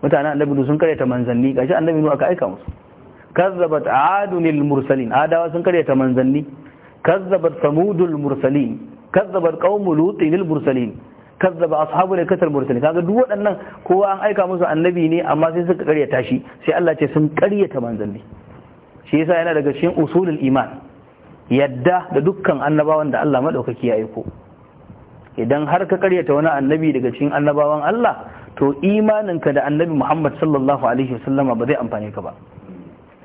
mutanen annabi sun karyata manzanni gashi annabi nu aka aika musu kazzabat adun lil mursalin adawa sun karyata manzanni kazzabat samudul mursalin kazzabat qaumu lutin lil mursalin kazzaba ashabu da katar mursalin kaga duk waɗannan kowa an aika musu annabi ne amma sai suka karyata shi sai Allah ce sun karyata manzanni shi yasa yana daga cikin usulul iman yadda da dukkan annabawan da Allah maɗaukaki ya aiko idan har ka karyata wani annabi daga cikin annabawan Allah to imaninka da annabi Muhammad sallallahu alaihi wasallama ba zai amfane ka ba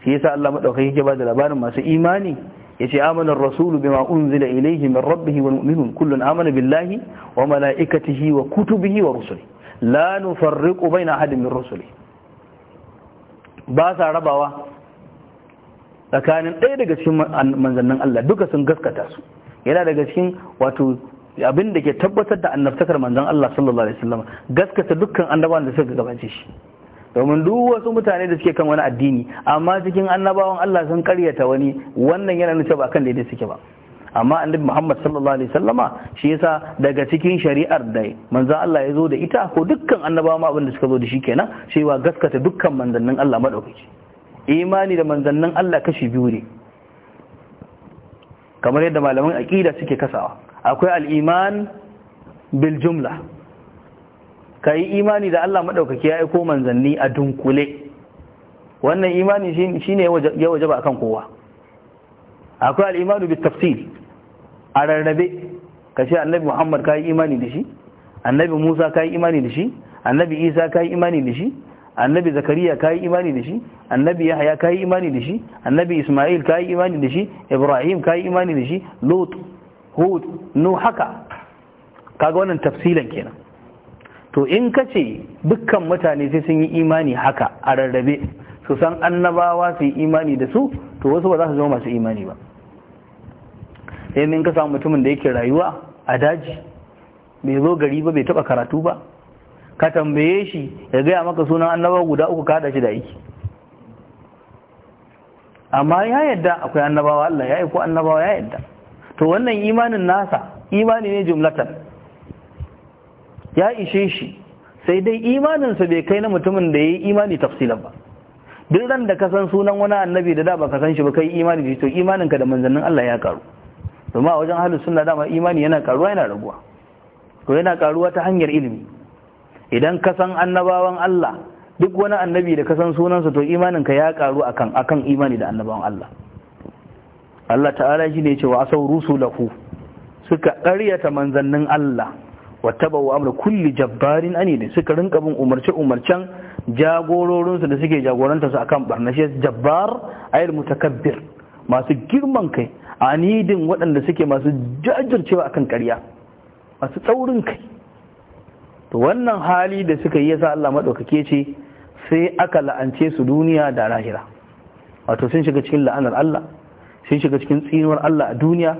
shi yasa Allah maɗaukaki ke ba da labarin masu imani yace amana ar-rasulu bima unzila ilayhi min rabbihi wal mu'minun kullun amana billahi wa malaikatihi wa kutubihi wa rusulihi la nufarriqu baina ahadin min rusulihi ba sa rabawa tsakanin ɗaya daga cikin manzannin Allah duka sun gaskata su yana daga cikin wato abin da ke tabbatar da annabtakar manzan Allah sallallahu alaihi wasallam gaskata dukkan annabawan da suka gabace shi domin duk wasu mutane da suke kan wani addini amma cikin annabawan Allah sun karyata wani wannan yana nuna ba kan daidai suke ba amma annabi Muhammad sallallahu alaihi wasallama shi yasa daga cikin shari'ar da manzan Allah ya zo da ita ko dukkan annabawa ma abin da suka zo da shi kenan cewa gaskata dukkan manzannin Allah madaukaki imani da manzannin Allah kashi biyu ne kamar yadda malaman aqida suke kasawa akwai al-iman bil jumla kai imani da Allah madaukake ya aiko manzanni a dunkule wannan imani shine ya wajaba akan kowa akwai al iman bil tafsil a rarrabe kace annabi Muhammad kai imani da shi annabi Musa kai imani da shi annabi Isa kai imani da shi annabi zakariya kayi imani da shi annabi yahya kayi imani da shi annabi isma'il kayi imani da shi ibrahim kayi imani da shi lut hud nu haka kaga wannan tafsilan kenan to in kace dukkan mutane sai sun yi imani haka a rarrabe su san annabawa su yi imani da su to wasu ba za su zama masu imani ba in ka samu mutumin da yake rayuwa a daji bai zo gari ba bai taba karatu ba ka tambaye shi ya gaya maka sunan annaba guda uku kada shi da aiki amma ya yadda akwai annabawa Allah ya yi ko annabawa ya yadda to wannan imanin nasa imani ne jumlatan ya ishe shi sai dai imaninsa bai kai na mutumin da ya yi imani tafsilan ba duk ran da ka san sunan wani annabi da da ba ka san shi ba kai imani da to imaninka da manzannin Allah ya karu domin a wajen halin suna dama imani yana karuwa yana raguwa to yana karuwa ta hanyar ilimi idan ka san annabawan Allah duk wani annabi da ka san sunansa to imaninka ya karu akan akan imani da annabawan Allah Allah ta'ala shi ne ya ce cewa asau rusulahu suka ƙaryata manzannin Allah wa wa amra kulli jabbarin anid suka rinka bin umarce umarcen jagororinsu da suke jagoranta su akan shi jabbar ayyul mutakabbir masu girman kai anidin waɗanda suke masu jajircewa akan ƙarya masu tsaurin kai to wannan hali da suka yi yasa Allah madaukake ce sai aka la'ance su duniya da lahira wato sun shiga cikin la'anar Allah sun shiga cikin tsinuwar Allah a duniya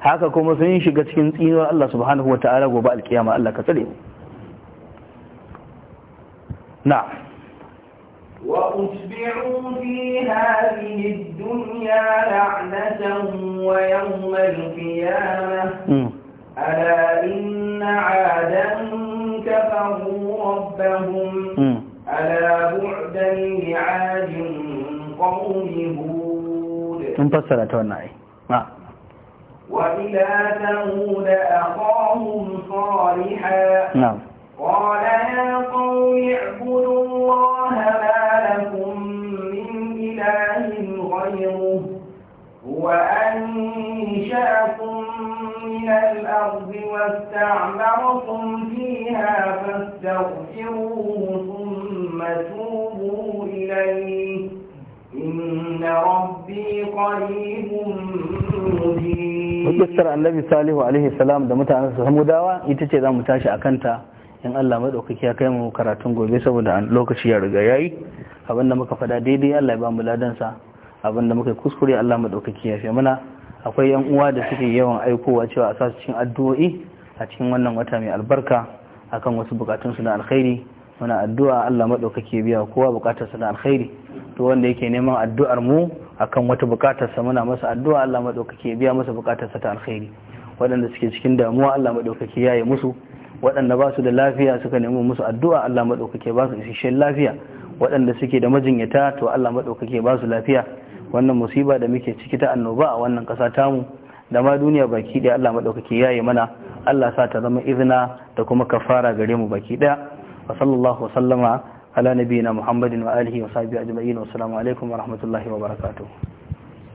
haka kuma sun shiga cikin tsinuwar Allah subhanahu wataala gobe alkiyama Allah ka tsare na na'am وأتبعوا في هذه الدنيا لعنة ويوم القيامة ألا إن عادا كفروا ربهم ألا بعدا لعاد قوم هود انفصلت والنعي وإلى ثمود أخاهم صالحا نعم قال يا قوم اعبدوا الله ما لكم من إله غيره هو أنشأكم من الأرض واستعمرتم فيها فاستغفروه ثم توبوا إليه إن ربي قريب Annabi Salihu alaihi salam da mutanen su dawa ita ce za mu tashi a kanta in Allah maɗaukaki ya kai mu karatun gobe saboda lokaci ya riga yayi abinda muka faɗa daidai Allah ya ba mu ladansa abinda muka kuskure Allah maɗaukaki ya fi mana akwai yan uwa da suke yawan aikowa cewa a sasu cikin addu'o'i a cikin wannan wata mai albarka akan wasu bukatun su na alkhairi muna addu'a Allah madaukake biya kowa bukatar sa na alkhairi to wanda yake neman addu'ar mu akan wata bukatar sa muna masa addu'a Allah madaukake biya masa bukatar sa ta alkhairi waɗanda suke cikin damuwa Allah ya yaye musu waɗanda ba su da lafiya suka nemi musu addu'a Allah madaukake ba su isasshen lafiya waɗanda suke da majinyata to Allah madaukake ba su lafiya wannan musiba da muke ciki ta annoba a wannan ƙasa tamu da ma duniya baki ɗaya Allah maɗaukaki ya mana Allah sa ta zama izina da kuma kafara gare mu baki ɗaya wa sallallahu sallama ala nabiyina muhammadin wa alihi wa sahbihi ajma'in wa assalamu alaikum wa rahmatullahi wa barakatuh